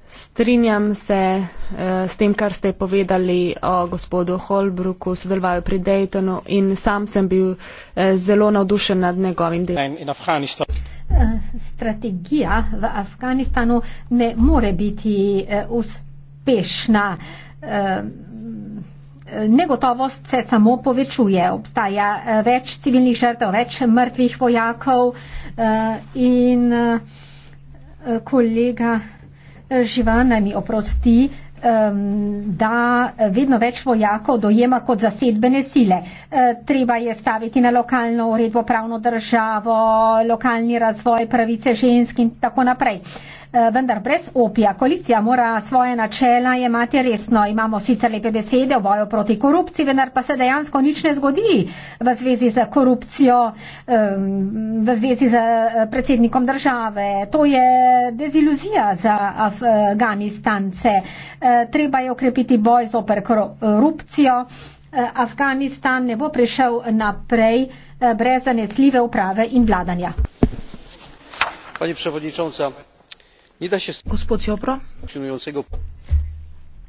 Strinjam se eh, s tem, kar ste povedali o gospodu Holbruku, sodelovali pri Daytonu in sam sem bil eh, zelo navdušen nad njegovim delom. Eh, strategija v Afganistanu ne more biti eh, uspešna. Eh, negotovost se samo povečuje, obstaja eh, več civilnih žrtev, več mrtvih vojakov eh, in eh, kolega. Živan naj mi oprosti, da vedno več vojakov dojema kot zasedbene sile. E, treba je staviti na lokalno uredbo, pravno državo, lokalni razvoj, pravice žensk in tako naprej. Eh, vendar brez opija. Koalicija mora svoje načela jemati resno. Imamo sicer lepe besede o boju proti korupciji, vendar pa se dejansko nič ne zgodi v zvezi z korupcijo, v zvezi z eh, predsednikom države. To je deziluzija za Afganistance. Eh, treba je okrepiti boj z oper korupcijo. Afganistan ne bo prišel naprej brez zanesljive uprave in vladanja. Pani przewodnicząca. Ni da še gospod Jopro.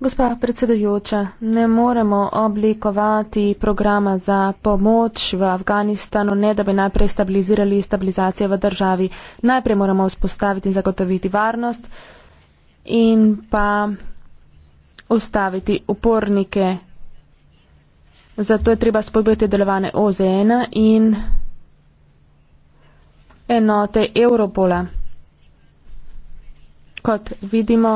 Gospa predsedujoča, ne moremo oblikovati programa za pomoč v Afganistanu, ne da bi najprej stabilizirali stabilizacijo v državi. Najprej moramo vzpostaviti in zagotoviti varnost in pa ustaviti upornike. Zato je treba spodbujati delovane OZN in enote Europola kot vidimo,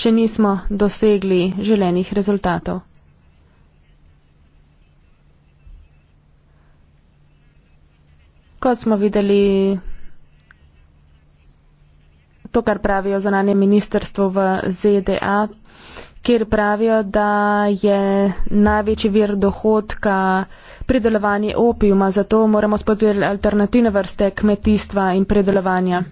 še nismo dosegli želenih rezultatov. Kot smo videli, to, kar pravijo za nanje ministerstvo v ZDA, kjer pravijo, da je največji vir dohodka pridelovanje opijuma, zato moramo spodbujati alternativne vrste kmetijstva in pridelovanja.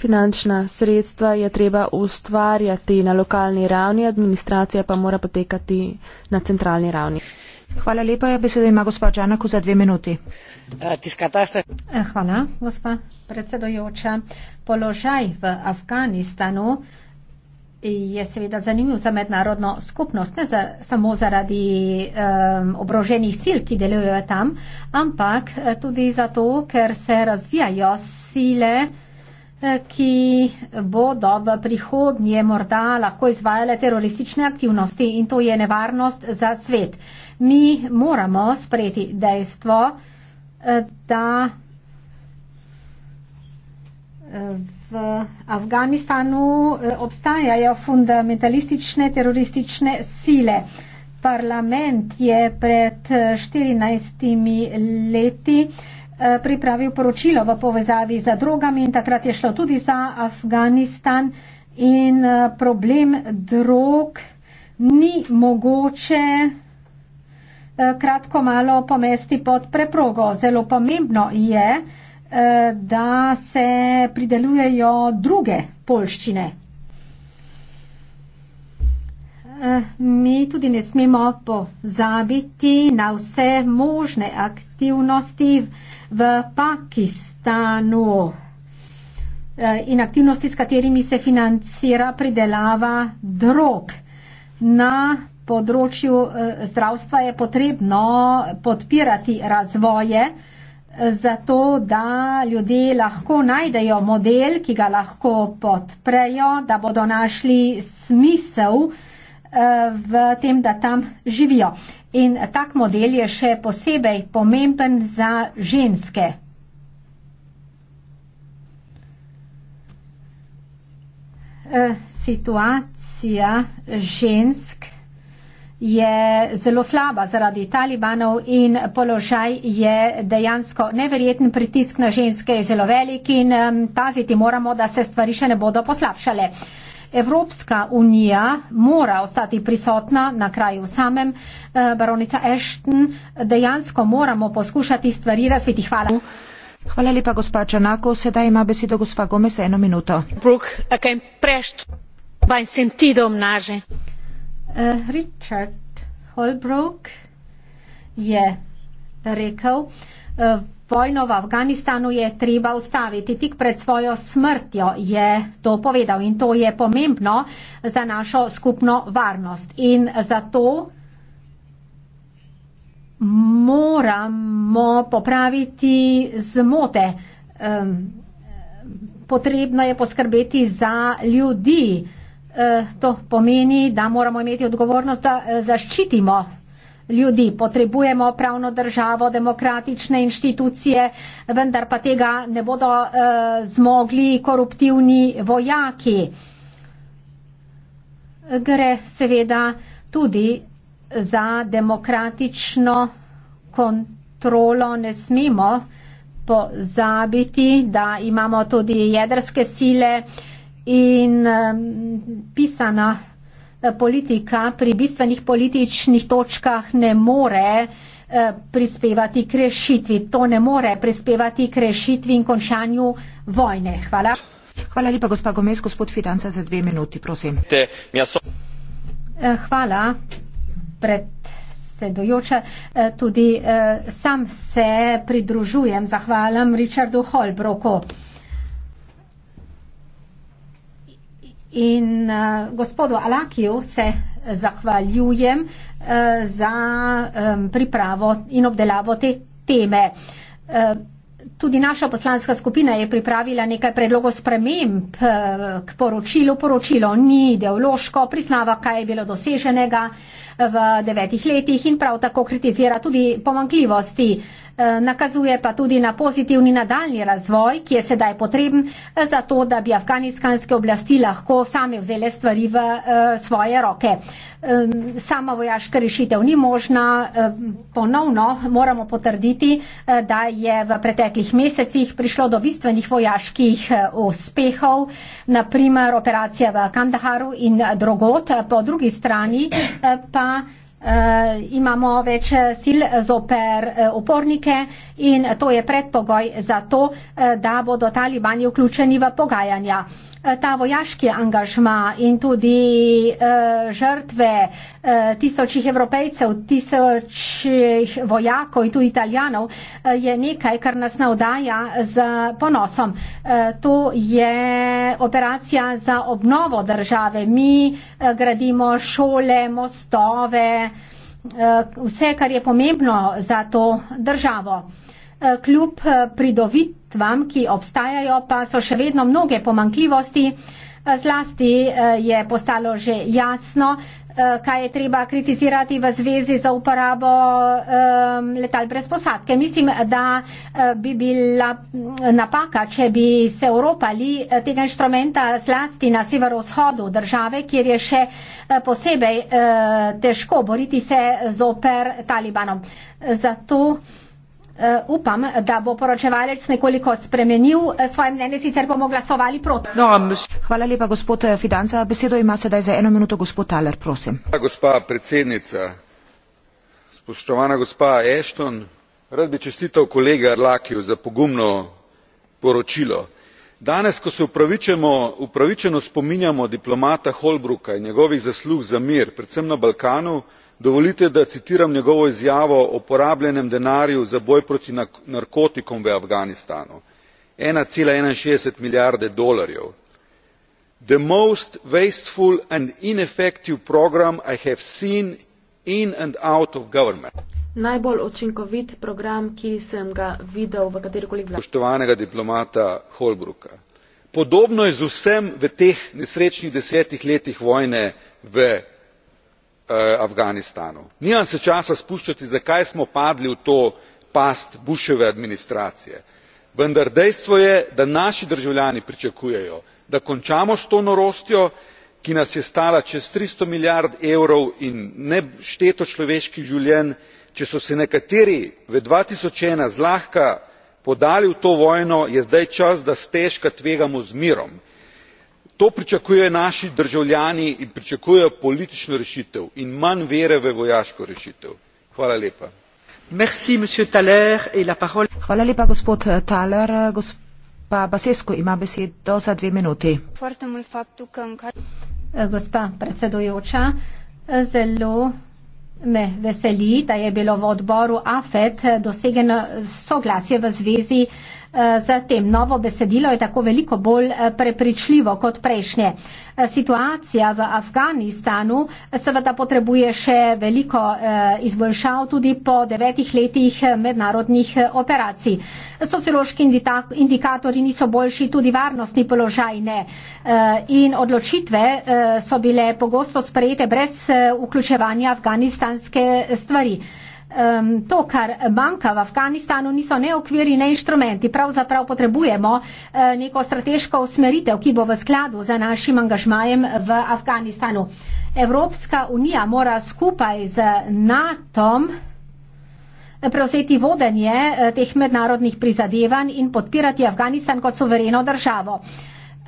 finančna sredstva je treba ustvarjati na lokalni ravni, administracija pa mora potekati na centralni ravni. Hvala lepa, besedo ima gospod Džanaku za dve minuti. Eh, eh, hvala, gospa predsedojoča. Položaj v Afganistanu je seveda zanimiv za mednarodno skupnost, ne za, samo zaradi um, obroženih sil, ki delujejo tam, ampak eh, tudi zato, ker se razvijajo sile, Eh, ki bodo v prihodnje morda lahko izvajale teroristične aktivnosti in to je nevarnost za svet. Mi moramo sprejeti dejstvo, eh, da eh, v Afganistanu obstajajo fundamentalistične teroristične sile. Parlament je pred 14 leti Eh, pripravil poročilo v povezavi z drogami in takrat je šlo tudi za Afganistan in eh, problem drog ni mogoče eh, kratko malo pomesti pod preprogo. Zelo pomembno je, da se pridelujejo druge polščine mi tudi ne smemo pozabiti na vse možne aktivnosti v Pakistanu e, in aktivnosti, s katerimi se financira pridelava drog. Na področju e, zdravstva je potrebno podpirati razvoje, e, zato da ljudje lahko najdejo model, ki ga lahko podprejo, da bodo našli smisel, v tem, da tam živijo. In tak model je še posebej pomemben za ženske. E, situacija žensk je zelo slaba zaradi talibanov in položaj je dejansko neverjeten pritisk na ženske je zelo velik in paziti moramo, da se stvari še ne bodo poslavšale. Uh, Evropska unija mora ostati prisotna na kraju samem. Eh, baronica Ashton, dejansko moramo poskušati stvari razviti. Hvala. Hvala lepa, gospa Čanako. Sedaj ima besedo gospa Gomez eno minuto. Eh, Richard Holbrook je rekel, eh, Vojno v Afganistanu je treba ustaviti tik pred svojo smrtjo, je to povedal in to je pomembno za našo skupno varnost. In zato moramo popraviti zmote. Um, potrebno je poskrbeti za ljudi. Uh, to pomeni, da moramo imeti odgovornost, da uh, zaščitimo ljudi. Potrebujemo pravno državo, demokratične inštitucije, vendar pa tega ne bodo uh, zmogli koruptivni vojaki. Gre seveda tudi za demokratično kontrolo. Ne smemo pozabiti, da imamo tudi jedrske sile in um, pisana Eh, politika pri bistvenih političnih točkah ne more eh, prispevati k rešitvi. To ne more prispevati k rešitvi in končanju vojne. Hvala. Hvala lepa, gospa Gomez, gospod Fidanca, za dve minuti, prosim. Eh, hvala, predsedujoča. Tudi sam se pridružujem zahvalam Richardu Holbroku. In uh, gospodu Alakiju se zahvaljujem uh, za um, pripravo in obdelavo te teme. Uh, tudi naša poslanska skupina je pripravila nekaj predlogov sprememb uh, k poročilu. Poročilo ni ideološko, priznava, kaj je bilo doseženega v devetih letih in prav tako kritizira tudi pomankljivosti uh, Eh, nakazuje pa tudi na pozitivni nadaljni razvoj, ki je sedaj potreben eh, za to, da bi afganistanske oblasti lahko same vzele stvari v eh, svoje roke. Sama vojaška rešitev ni možna. Ponovno moramo potrditi, da je v preteklih mesecih prišlo do bistvenih vojaških uspehov, naprimer operacija v Kandaharu in drugot. Po drugi strani pa Uh, imamo več eh, sil zoper uh, upornike in to je predpogoj za to, uh, da bodo talibani vključeni v pogajanja. Uh, Eh, ta vojaški angažma in tudi eh, žrtve eh, tisočih evropejcev, tisočih vojakov in tudi italijanov je nekaj, kar nas navdaja z ponosom. To je operacija za obnovo države. Mi gradimo šole, mostove, vse, kar je pomembno za to državo. Kljub pridobitvi sredstvam, ki obstajajo, pa so še vedno mnoge pomankljivosti. Eh, zlasti eh, je postalo že jasno, eh, kaj je treba kritizirati v zvezi za uporabo ehm, letal brez posadke. Mislim, da bi bila mm, napaka, če bi se Evropa ali tega inštrumenta zlasti na severovzhodu države, kjer je še posebej težko boriti se zoper talibanom. Zato Uh, upam, da bo poročevalec nekoliko spremenil uh, svoje mnenje, sicer bomo glasovali proti. No, Hvala lepa, gospod eh, Fidanca. Besedo ima sedaj za eno minuto gospod Taler, prosim. Hvala, gospa predsednica, spoštovana gospa Ashton, rad bi čestital kolega Arlakiju za pogumno poročilo. Danes, ko se upravičeno spominjamo diplomata Holbruka in njegovih zaslug za mir, predvsem na Balkanu, dovolite da citiram njegovo izjavo o porabljenem denarju za boj proti narkotikom v afganistanu ena enainšestdeset milijarde dolarjev the most wasteful and ineffective programme i have seen in and out of government najbolj učinkovit program ki sem ga videl v katerikoli vladi spoštovanega diplomata holbrooka podobno je z vsem v teh nesrečnih desetih letih vojne v Eh, afganistanu. nimam se časa spuščati zakaj smo padli v to past bushove administracije vendar dejstvo je da naši državljani pričakujejo da končamo s to norostjo ki nas je stala čez tristo milijard evrov in nešteto človeških življenj če so se nekateri v dva tisoč ena zlahka podali v to vojno je zdaj čas da stežka tvegamo z mirom to pričakujejo naši državljani in pričakujejo politično rešitev in manj vere v vojaško rešitev. Hvala lepa. Merci, Thaler, la parole... Hvala lepa, gospod eh, Taler. Eh, gospa Basesko ima besedo za dve minuti. Eh, gospa predsedujoča, zelo me veseli, da je bilo v odboru AFET dosegeno soglasje v zvezi uh, zatem eh, novo besedilo je tako veliko bolj eh, prepričljivo kot prejšnje. Eh, situacija v Afganistanu seveda potrebuje še veliko izboljšav tudi po devetih letih mednarodnih operacij. Sociološki indikatorji niso boljši, tudi varnostni položaj ne. In odločitve so bile pogosto sprejete brez vključevanja afganistanske stvari um, to, kar banka v Afganistanu niso ne okviri, ne inštrumenti. Pravzaprav potrebujemo uh, neko strateško usmeritev, ki bo v skladu z našim angažmajem v Afganistanu. Evropska unija mora skupaj z NATO e, prevzeti vodenje e, teh mednarodnih prizadevanj in podpirati Afganistan kot suvereno državo. Uh,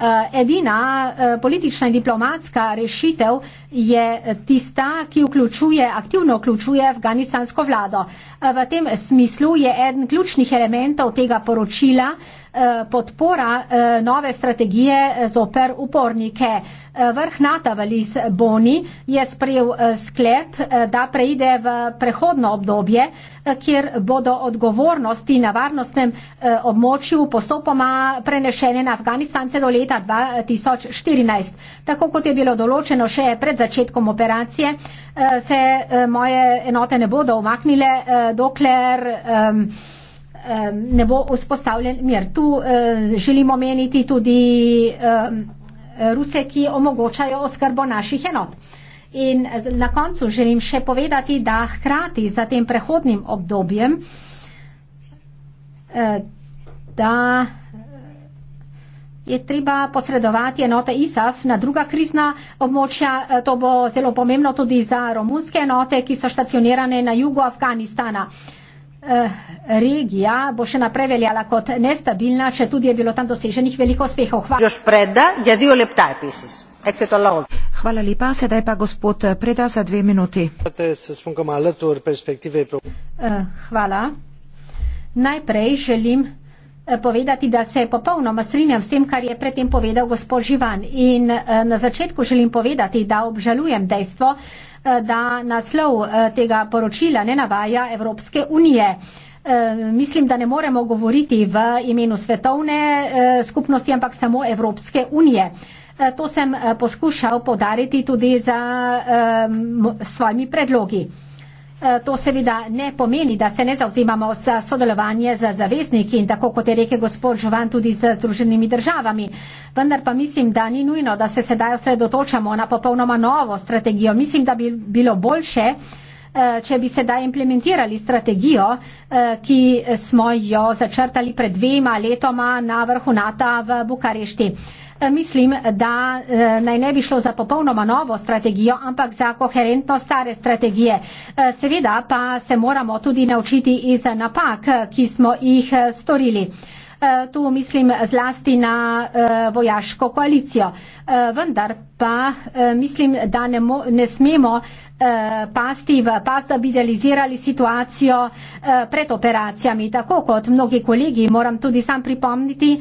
Eh, edina eh, politična in diplomatska rešitev je tista, ki vključuje, aktivno vključuje afganistansko vlado. Eh, v tem smislu je eden ključnih elementov tega poročila, Eh, podpora eh, nove strategije eh, zoper upornike. Vrh NATO v Lizboni je sprejel sklep, da preide v prehodno obdobje, kjer bodo odgovornosti na varnostnem območju postopoma prenešene na Afganistance do leta 2014. Tako kot je bilo določeno še pred začetkom operacije, se moje enote ne bodo omaknile, dokler. Um, ne bo vzpostavljen mir. Tu eh, želimo meniti tudi eh, ruse, ki omogočajo oskrbo naših enot. In na koncu želim še povedati, da hkrati za tem prehodnim obdobjem, eh, da je treba posredovati enote ISAF na druga krizna območja. Eh, to bo zelo pomembno tudi za romunske enote, ki so stacionirane na jugu Afganistana. Eh, Eh, regija bo še naprej veljala kot nestabilna, če tudi je bilo tam doseženih veliko uspehov. Hvala. Hvala lepa, sedaj pa gospod Preda za dve minuti. Eh, hvala. Najprej želim eh, povedati, da se popolnoma strinjam s tem, kar je predtem povedal gospod Živan. In na začetku želim povedati, da obžalujem dejstvo, Eh, da naslov eh, tega poročila ne navaja Evropske unije. Eh, mislim, da ne moremo govoriti v imenu svetovne skupnosti, ampak samo Evropske unije. To sem poskušal podariti tudi za svojimi predlogi. Eh, to seveda ne pomeni, da se ne zauzimamo za sodelovanje z zavezniki in tako kot je rekel gospod Žovan tudi z združenimi državami. Vendar pa mislim, da ni nujno, da se sedaj osredotočamo na popolnoma novo strategijo. Mislim, da bi bilo boljše, eh, če bi sedaj implementirali strategijo, eh, ki smo jo začrtali pred dvema letoma na vrhu NATO v Bukarešti. Eh, mislim, da eh, naj ne bi šlo za popolnoma novo strategijo, ampak za koherentno stare strategije. Eh, seveda pa se moramo tudi naučiti iz napak, ki smo jih storili. Eh, tu mislim zlasti na eh, vojaško koalicijo. Eh, vendar pa mislim, da ne, mo, ne smemo pasti v pas, da bi delizirali situacijo pred operacijami. Tako kot mnogi kolegi moram tudi sam pripomniti,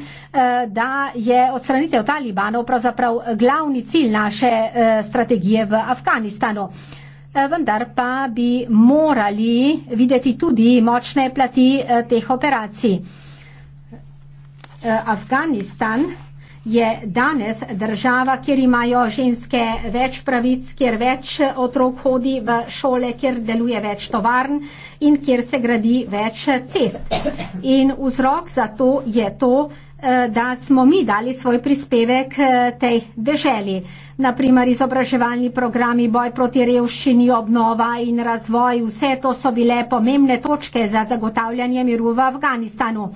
da je odstranitev talibanov pravzaprav glavni cilj naše strategije v Afganistanu. Vendar pa bi morali videti tudi močne plati teh operacij. Eh, Afganistan je danes država, kjer imajo ženske več pravic, kjer več otrok hodi v šole, kjer deluje več tovarn in kjer se gradi več cest. In vzrok za to je to, eh, da smo mi dali svoj prispevek eh, tej deželi. Naprimer, izobraževalni programi, boj proti revščini, obnova in razvoj, vse to so bile pomembne točke za zagotavljanje miru v Afganistanu.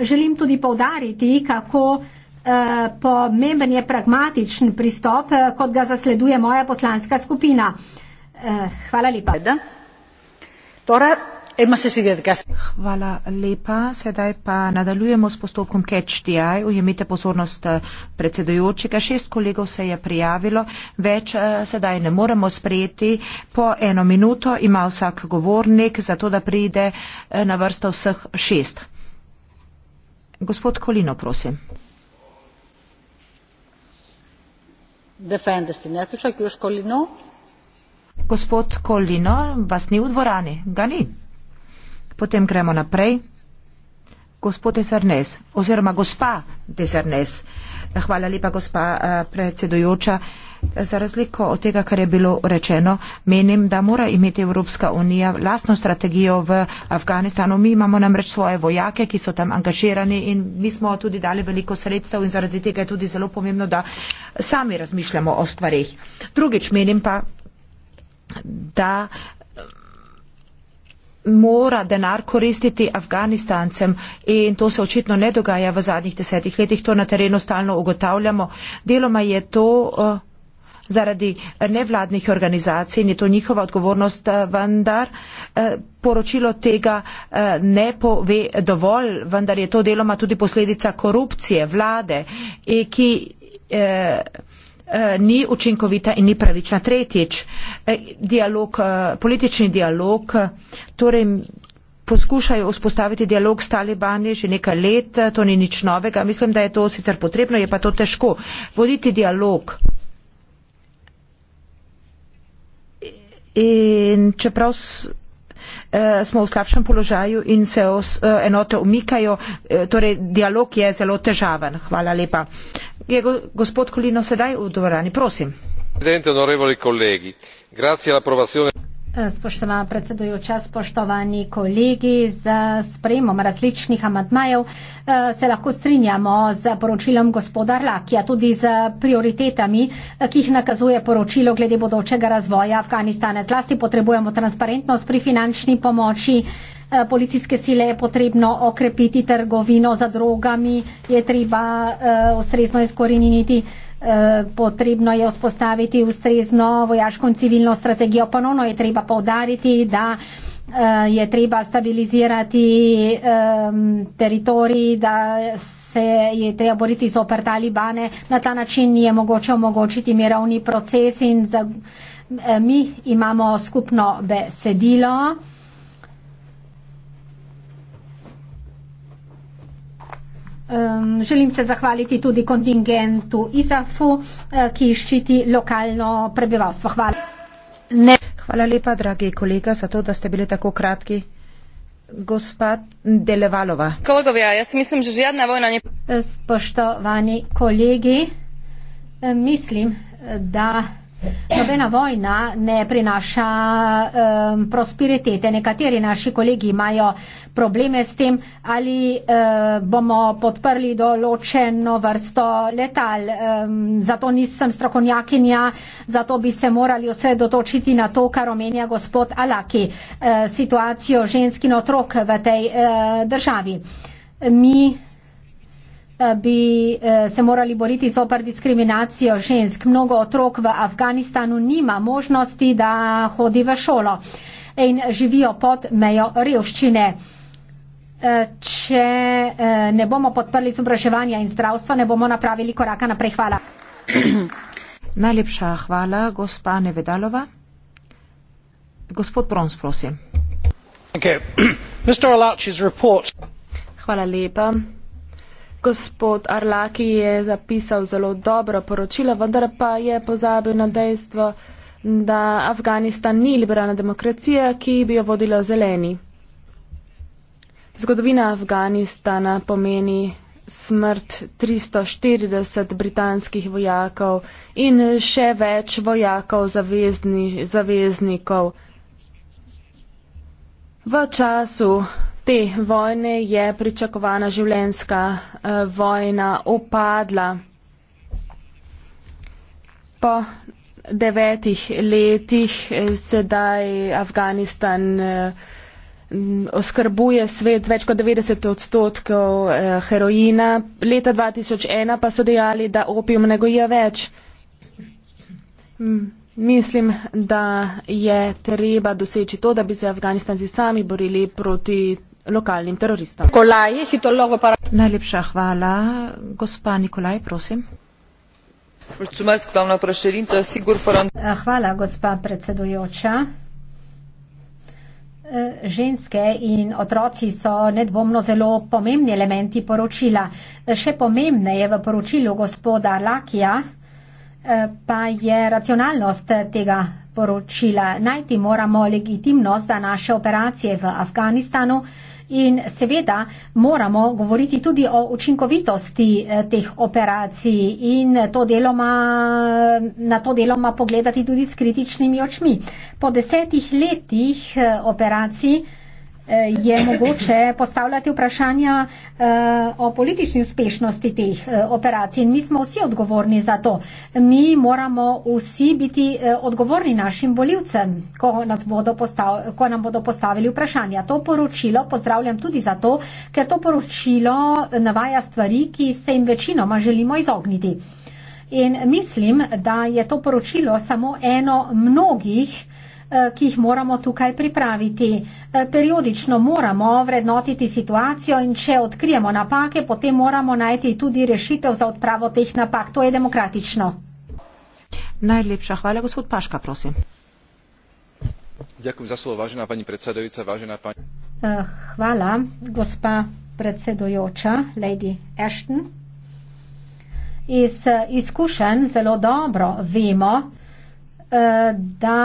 Želim tudi povdariti, kako eh, pomemben je pragmatičen pristop, eh, kot ga zasleduje moja poslanska skupina. Eh, hvala lepa. Hvala lepa. Sedaj pa nadaljujemo s postopkom CatchDI. Ujemite pozornost predsedojočega. Šest kolegov se je prijavilo, več sedaj ne moremo sprejeti. Po eno minuto ima vsak govornik, zato da pride na vrsto vseh šest. Gospod Kolino, prosim. Gospod Kolino, vas ni v dvorani, ga ni. Potem gremo naprej. Gospod Desernes, oziroma gospa Desernes. Hvala lepa, gospa eh, predsedujoča. Za razliko od tega, kar je bilo rečeno, menim, da mora imeti Evropska unija lastno strategijo v Afganistanu. Mi imamo namreč svoje vojake, ki so tam angažirani in mi smo tudi dali veliko sredstev in zaradi tega je tudi zelo pomembno, da sami razmišljamo o stvarih. Drugič menim pa, da mora denar koristiti Afganistancem in to se očitno ne dogaja v zadnjih desetih letih, to na terenu stalno ugotavljamo. Deloma je to uh, zaradi nevladnih organizacij in je to njihova odgovornost, eh, vendar eh, poročilo tega eh, ne pove dovolj, vendar je to deloma tudi posledica korupcije vlade, ki ni učinkovita in ni pravična. Tretjič, dialog, politični dialog, torej poskušajo vzpostaviti dialog s talibani že nekaj let, to ni nič novega, mislim, da je to sicer potrebno, je pa to težko. Voditi dialog in čeprav s, uh, smo v slabšem položaju in se os, uh, enote umikajo, uh, torej dialog je zelo težaven. Hvala lepa. Je go, gospod Kolino sedaj v dvorani, prosim. Presidente, onorevoli kolegi, grazie all'approvazione. Spoštovana predsedujoča, spoštovani kolegi, z spremom različnih amatmajev eh, se lahko strinjamo z poročilom gospoda Arlakija, tudi z prioritetami, eh, ki jih nakazuje poročilo glede bodočega razvoja Afganistana. Zlasti potrebujemo transparentnost pri finančni pomoči. Eh, policijske sile je potrebno okrepiti trgovino za drogami, je treba uh, ustrezno izkoreniniti uh, Eh, potrebno je vzpostaviti ustrezno vojaško in civilno strategijo. Ponovno je treba povdariti, da eh, je treba stabilizirati um, teritorij, da se je treba boriti z oper talibane. Na ta način je mogoče omogočiti mirovni proces in za, eh, mi imamo skupno besedilo. Um, želim se zahvaliti tudi kontingentu ISAF-u, eh, ki ščiti lokalno prebivalstvo. Hvala. Ne. Hvala lepa, dragi kolega, za to, da ste bili tako kratki. Gospa Delevalova. Kolegovja, jaz mislim, že žijadna vojna ni. Spoštovani kolegi, eh, mislim, da. Nobena vojna ne prinaša um, prosperitete. Nekateri naši kolegi imajo probleme s tem, ali uh, bomo podprli določeno vrsto letal. Um, zato nisem strokovnjakinja, zato bi se morali osredotočiti na to, kar omenja gospod Alaki, uh, situacijo ženskin otrok v tej uh, državi. Mi uh, bi eh, se morali boriti z opar diskriminacijo žensk. Mnogo otrok v Afganistanu nima možnosti, da hodi v šolo in živijo pod mejo revščine. Eh, če eh, ne bomo podprli izobraževanja in zdravstva, ne bomo napravili koraka naprej. Hvala. <clears throat> Najlepša hvala, gospa Nevedalova. Gospod Brons, prosim. <clears throat> Hvala lepa gospod Arlaki je zapisal zelo dobro poročilo, vendar pa je pozabil na dejstvo, da Afganistan ni liberalna demokracija, ki bi jo vodila zeleni. Zgodovina Afganistana pomeni smrt 340 britanskih vojakov in še več vojakov zavezni, zaveznikov. V času te vojne je pričakovana življenska uh, eh, vojna opadla. Po devetih letih eh, sedaj Afganistan eh, oskrbuje svet z več kot 90 odstotkov heroina, leta 2001 pa so dejali, da opium ne goji več. Mislim, da je treba doseči to, da bi se Afganistanci sami borili proti lokalnim teroristom. Najlepša hvala. Gospa Nikolaj, prosim. Eh, hvala, gospa predsedujoča. Eh, ženske in otroci so nedvomno zelo pomembni elementi poročila. Eh, še pomembneje v poročilu gospoda Lakija pa je racionalnost tega poročila. Najti moramo legitimnost za naše operacije v Afganistanu. In seveda moramo govoriti tudi o učinkovitosti eh, teh operacij in to deloma, na to deloma pogledati tudi s kritičnimi očmi. Po desetih letih eh, operacij Eh, je mogoče postavljati vprašanja eh, o politični uspešnosti teh eh, operacij. In mi smo vsi odgovorni za to. Mi moramo vsi biti odgovorni našim boljivcem, ko, ko nam bodo postavili vprašanja. To poročilo pozdravljam tudi zato, ker to poročilo navaja stvari, ki se jim večinoma želimo izogniti. In mislim, da je to poročilo samo eno mnogih, Eh, ki jih moramo tukaj pripraviti. Eh, periodično moramo vrednotiti situacijo in če odkrijemo napake, potem moramo najti tudi rešitev za odpravo teh napak. To je demokratično. Najlepša hvala, gospod Paška, prosim. Za slovo, pani važena, pani... Eh, hvala, gospa predsedojoča, Lady Ashton. Iz izkušenj zelo dobro vemo, da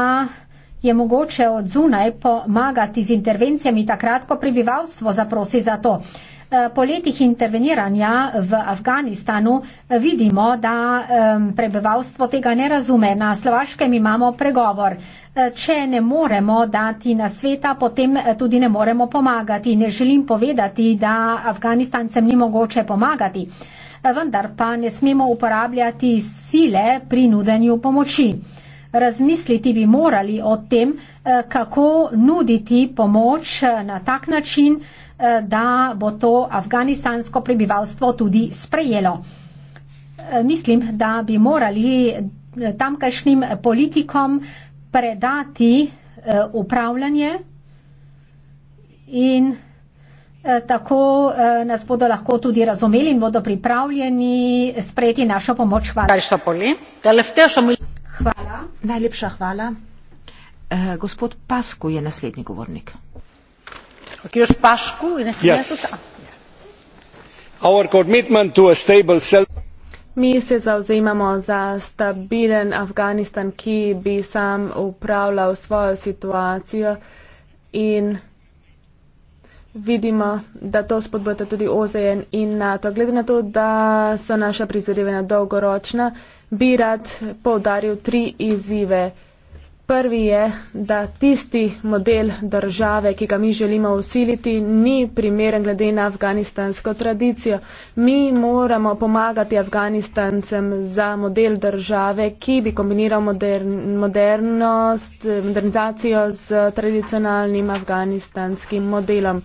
je mogoče od zunaj pomagati z intervencijami takrat, ko prebivalstvo zaprosi za to. Eh, po letih interveniranja v Afganistanu eh, vidimo, da prebivalstvo tega ne razume. Na slovaškem imamo pregovor. Eh, če ne moremo dati na sveta, potem tudi ne moremo pomagati. Ne želim povedati, da Afganistancem ni mogoče pomagati. Vendar pa ne smemo uporabljati sile pri nudenju pomoči razmisliti bi morali o tem, eh, kako nuditi pomoč eh, na tak način, eh, da bo to afganistansko prebivalstvo tudi sprejelo. Mislim, da bi morali tamkajšnjim politikom predati upravljanje in tako nas bodo lahko tudi razumeli in bodo pripravljeni sprejeti našo pomoč. Hvala. Hvala. Najlepša hvala. E, gospod Pasku je naslednji govornik. Ah, Mi se zauzemamo za stabilen Afganistan, ki bi sam upravljal svojo situacijo in vidimo, da to spodbujate tudi OZN in NATO. Glede na to, da so naša prizadevanja dolgoročna, uh, bi rad povdaril tri izzive. Prvi je, da tisti model države, ki ga mi želimo usiliti, ni primeren glede na afganistansko tradicijo. Mi moramo pomagati afganistancem za model države, ki bi kombiniral modern, modernost, modernizacijo z tradicionalnim afganistanskim modelom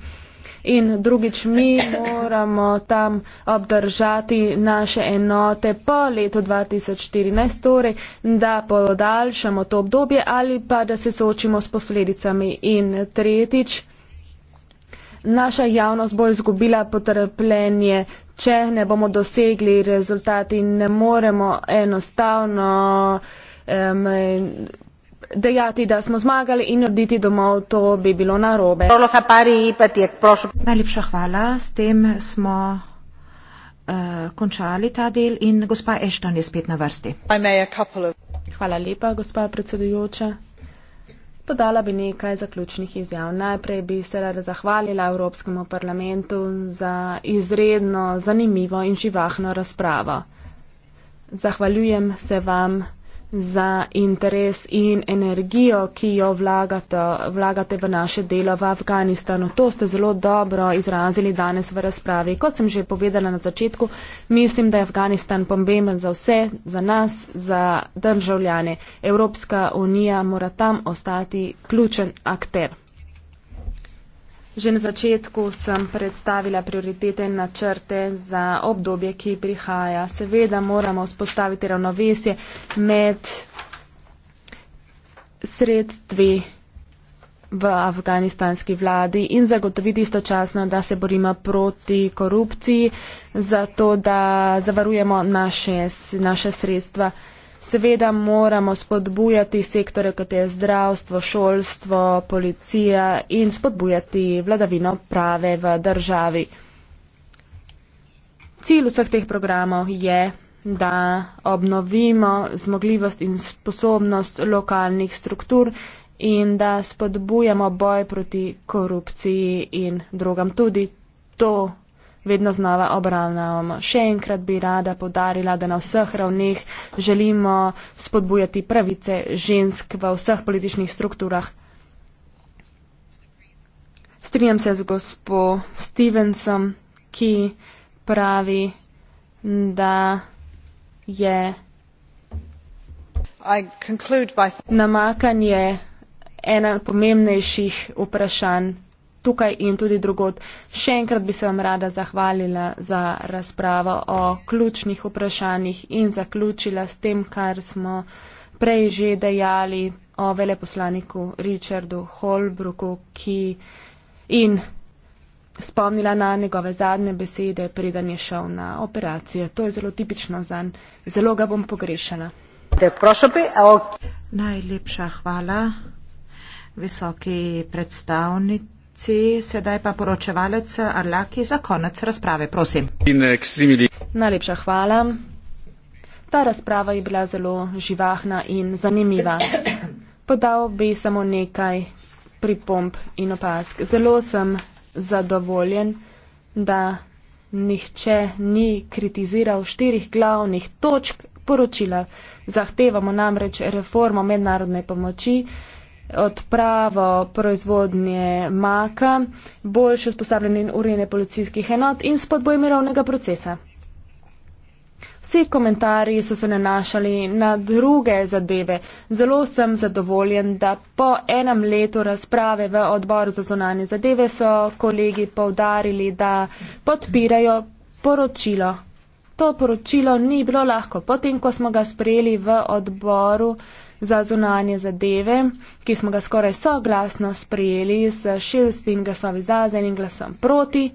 in drugič mi moramo tam obdržati naše enote po letu 2014, torej da podaljšamo to obdobje ali pa da se soočimo s posledicami. In tretjič, naša javnost bo izgubila potrpljenje. Če ne bomo dosegli rezultati, ne moremo enostavno um, dejati, da smo zmagali in oditi domov, to bi bilo narobe. Najlepša hvala, s tem smo uh, končali ta del in gospa Ešton je spet na vrsti. Hvala lepa, gospa predsedujoča. Podala bi nekaj zaključnih izjav. Najprej bi se zahvalila Evropskemu parlamentu za izredno zanimivo in živahno razpravo. Zahvaljujem se vam za interes in energijo, ki jo vlagate, vlagate v naše delo v Afganistanu. To ste zelo dobro izrazili danes v razpravi. Kot sem že povedala na začetku, mislim, da je Afganistan pomemben za vse, za nas, za državljane. Evropska unija mora tam ostati ključen akter. Že na začetku sem predstavila prioritete in načrte za obdobje, ki prihaja. Seveda moramo spostaviti ravnovesje med sredstvi v afganistanski vladi in zagotoviti istočasno, da se borimo proti korupciji, zato da zavarujemo naše, naše sredstva. Seveda moramo spodbujati sektore, kot je zdravstvo, šolstvo, policija in spodbujati vladavino prave v državi. Cilj vseh teh programov je, da obnovimo zmogljivost in sposobnost lokalnih struktur in da spodbujamo boj proti korupciji in drugam. Tudi to vedno znova obravnavamo. Še enkrat bi rada podarila, da na vseh ravneh želimo spodbujati pravice žensk v vseh političnih strukturah. Strinjam se z gospo Stevensom, ki pravi, da je namakanje ena pomembnejših vprašanj tukaj in tudi drugot. Še enkrat bi se vam rada zahvalila za razpravo o ključnih vprašanjih in zaključila s tem, kar smo prej že dejali o veleposlaniku Richardu Holbruku, ki in spomnila na njegove zadnje besede, preden je šel na operacijo. To je zelo tipično za njega. Zelo ga bom pogrešala. Najlepša hvala visoki predstavnik C, sedaj pa poročevalec Arlaki za konec razprave, prosim. Najlepša hvala. Ta razprava je bila zelo živahna in zanimiva. Podal bi samo nekaj pripomp in opask. Zelo sem zadovoljen, da nihče ni kritiziral štirih glavnih točk poročila. Zahtevamo namreč reformo mednarodne pomoči odpravo proizvodnje maka, boljše usposabljanje in urejanje policijskih enot in spodboj mirovnega procesa. Vsi komentarji so se nanašali na druge zadeve. Zelo sem zadovoljen, da po enem letu razprave v odboru za zonanje zadeve so kolegi povdarili, da podpirajo poročilo. To poročilo ni bilo lahko. Potem, ko smo ga sprejeli v odboru, za zunanje zadeve, ki smo ga skoraj soglasno sprejeli z 60 glasovi za, z enim glasom proti,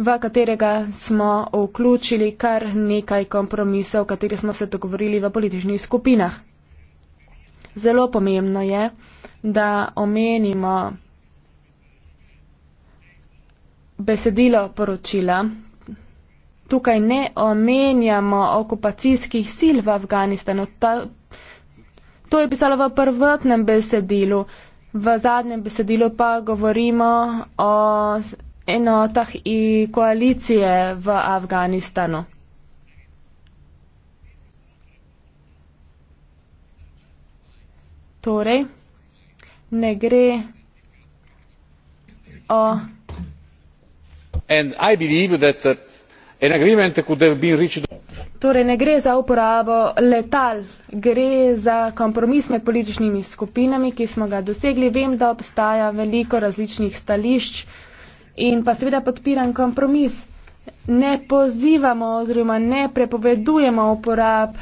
v katerega smo vključili kar nekaj kompromisov, kateri smo se dogovorili v političnih skupinah. Zelo pomembno je, da omenimo besedilo poročila, tukaj ne omenjamo okupacijskih sil v Afganistanu. Ta, to je pisalo v prvotnem besedilu. V zadnjem besedilu pa govorimo o enotah in koalicije v Afganistanu. Torej, ne gre o. In I believe that the uh, Torej ne gre za uporabo letal, gre za kompromis med političnimi skupinami, ki smo ga dosegli. Vem, da obstaja veliko različnih stališč in pa seveda podpiram kompromis. Ne pozivamo oziroma ne prepovedujemo uporab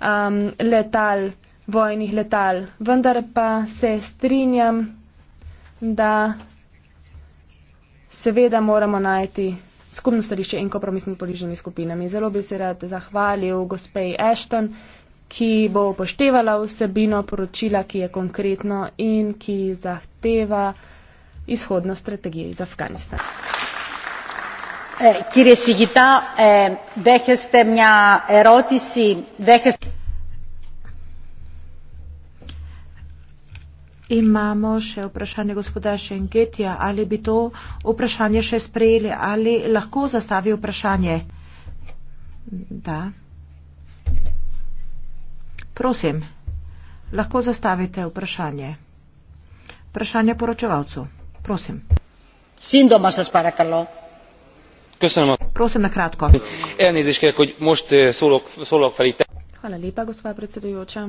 um, letal, vojnih letal, vendar pa se strinjam, da seveda moramo najti skupno stališče in kompromisno poliženi skupinami. Zelo bi se rad zahvalil gospej Ashton, ki bo upoštevala vsebino poročila, ki je konkretno in ki zahteva izhodno strategijo iz Afganistana. Eh, kire Sigita, eh, deheste mja erotisi, eh, deheste. Imamo še vprašanje gospoda Šengetija. Ali bi to vprašanje še sprejeli? Ali lahko zastavi vprašanje? Da. Prosim, lahko zastavite vprašanje. Vprašanje poročevalcu. Prosim. Sin doma se spara karlo. Köszönöm. Prosim na kratko. Elnézést kérek, hogy most eh, szólok, szólok fel itt. Hvala lepa, gospa predsedujoča.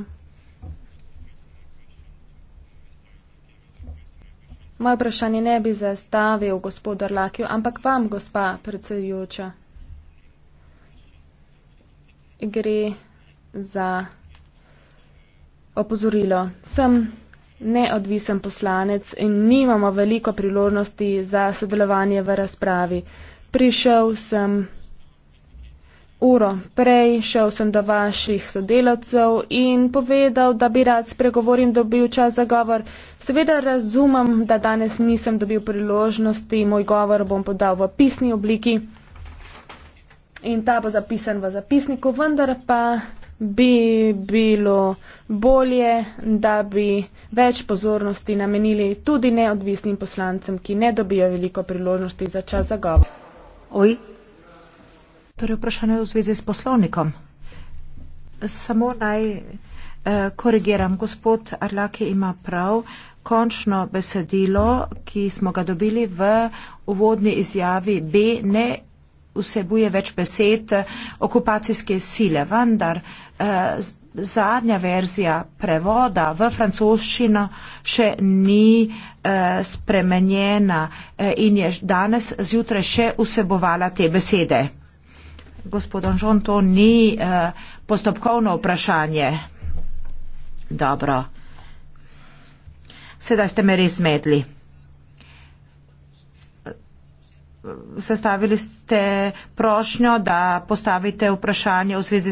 Moje vprašanje ne bi zastavil gospodu Arlakiju, ampak vam, gospa predsedujoča. Gre za opozorilo. Sem neodvisen poslanec in nimamo veliko priložnosti za sodelovanje v razpravi. Prišel sem uro prej šel sem do vaših sodelavcev in povedal, da bi rad spregovoril in dobil čas za govor. Seveda razumem, da danes nisem dobil priložnosti, moj govor bom podal v pisni obliki in ta bo zapisan v zapisniku, vendar pa bi bilo bolje, da bi več pozornosti namenili tudi neodvisnim poslancem, ki ne dobijo veliko priložnosti za čas za govor. Oj. Torej, vprašanje v zvezi s poslovnikom. Samo naj eh, korigiram, gospod Arlaki ima prav. Končno besedilo, ki smo ga dobili v uvodni izjavi B, ne vsebuje več besed eh, okupacijske sile, vendar eh, zadnja verzija prevoda v francoščino še ni eh, spremenjena eh, in je danes zjutraj še vsebovala te besede gospod Anžon, to ni eh, postopkovno vprašanje. Dobro. Sedaj ste me res medli. Sestavili ste prošnjo, da postavite vprašanje v zvezi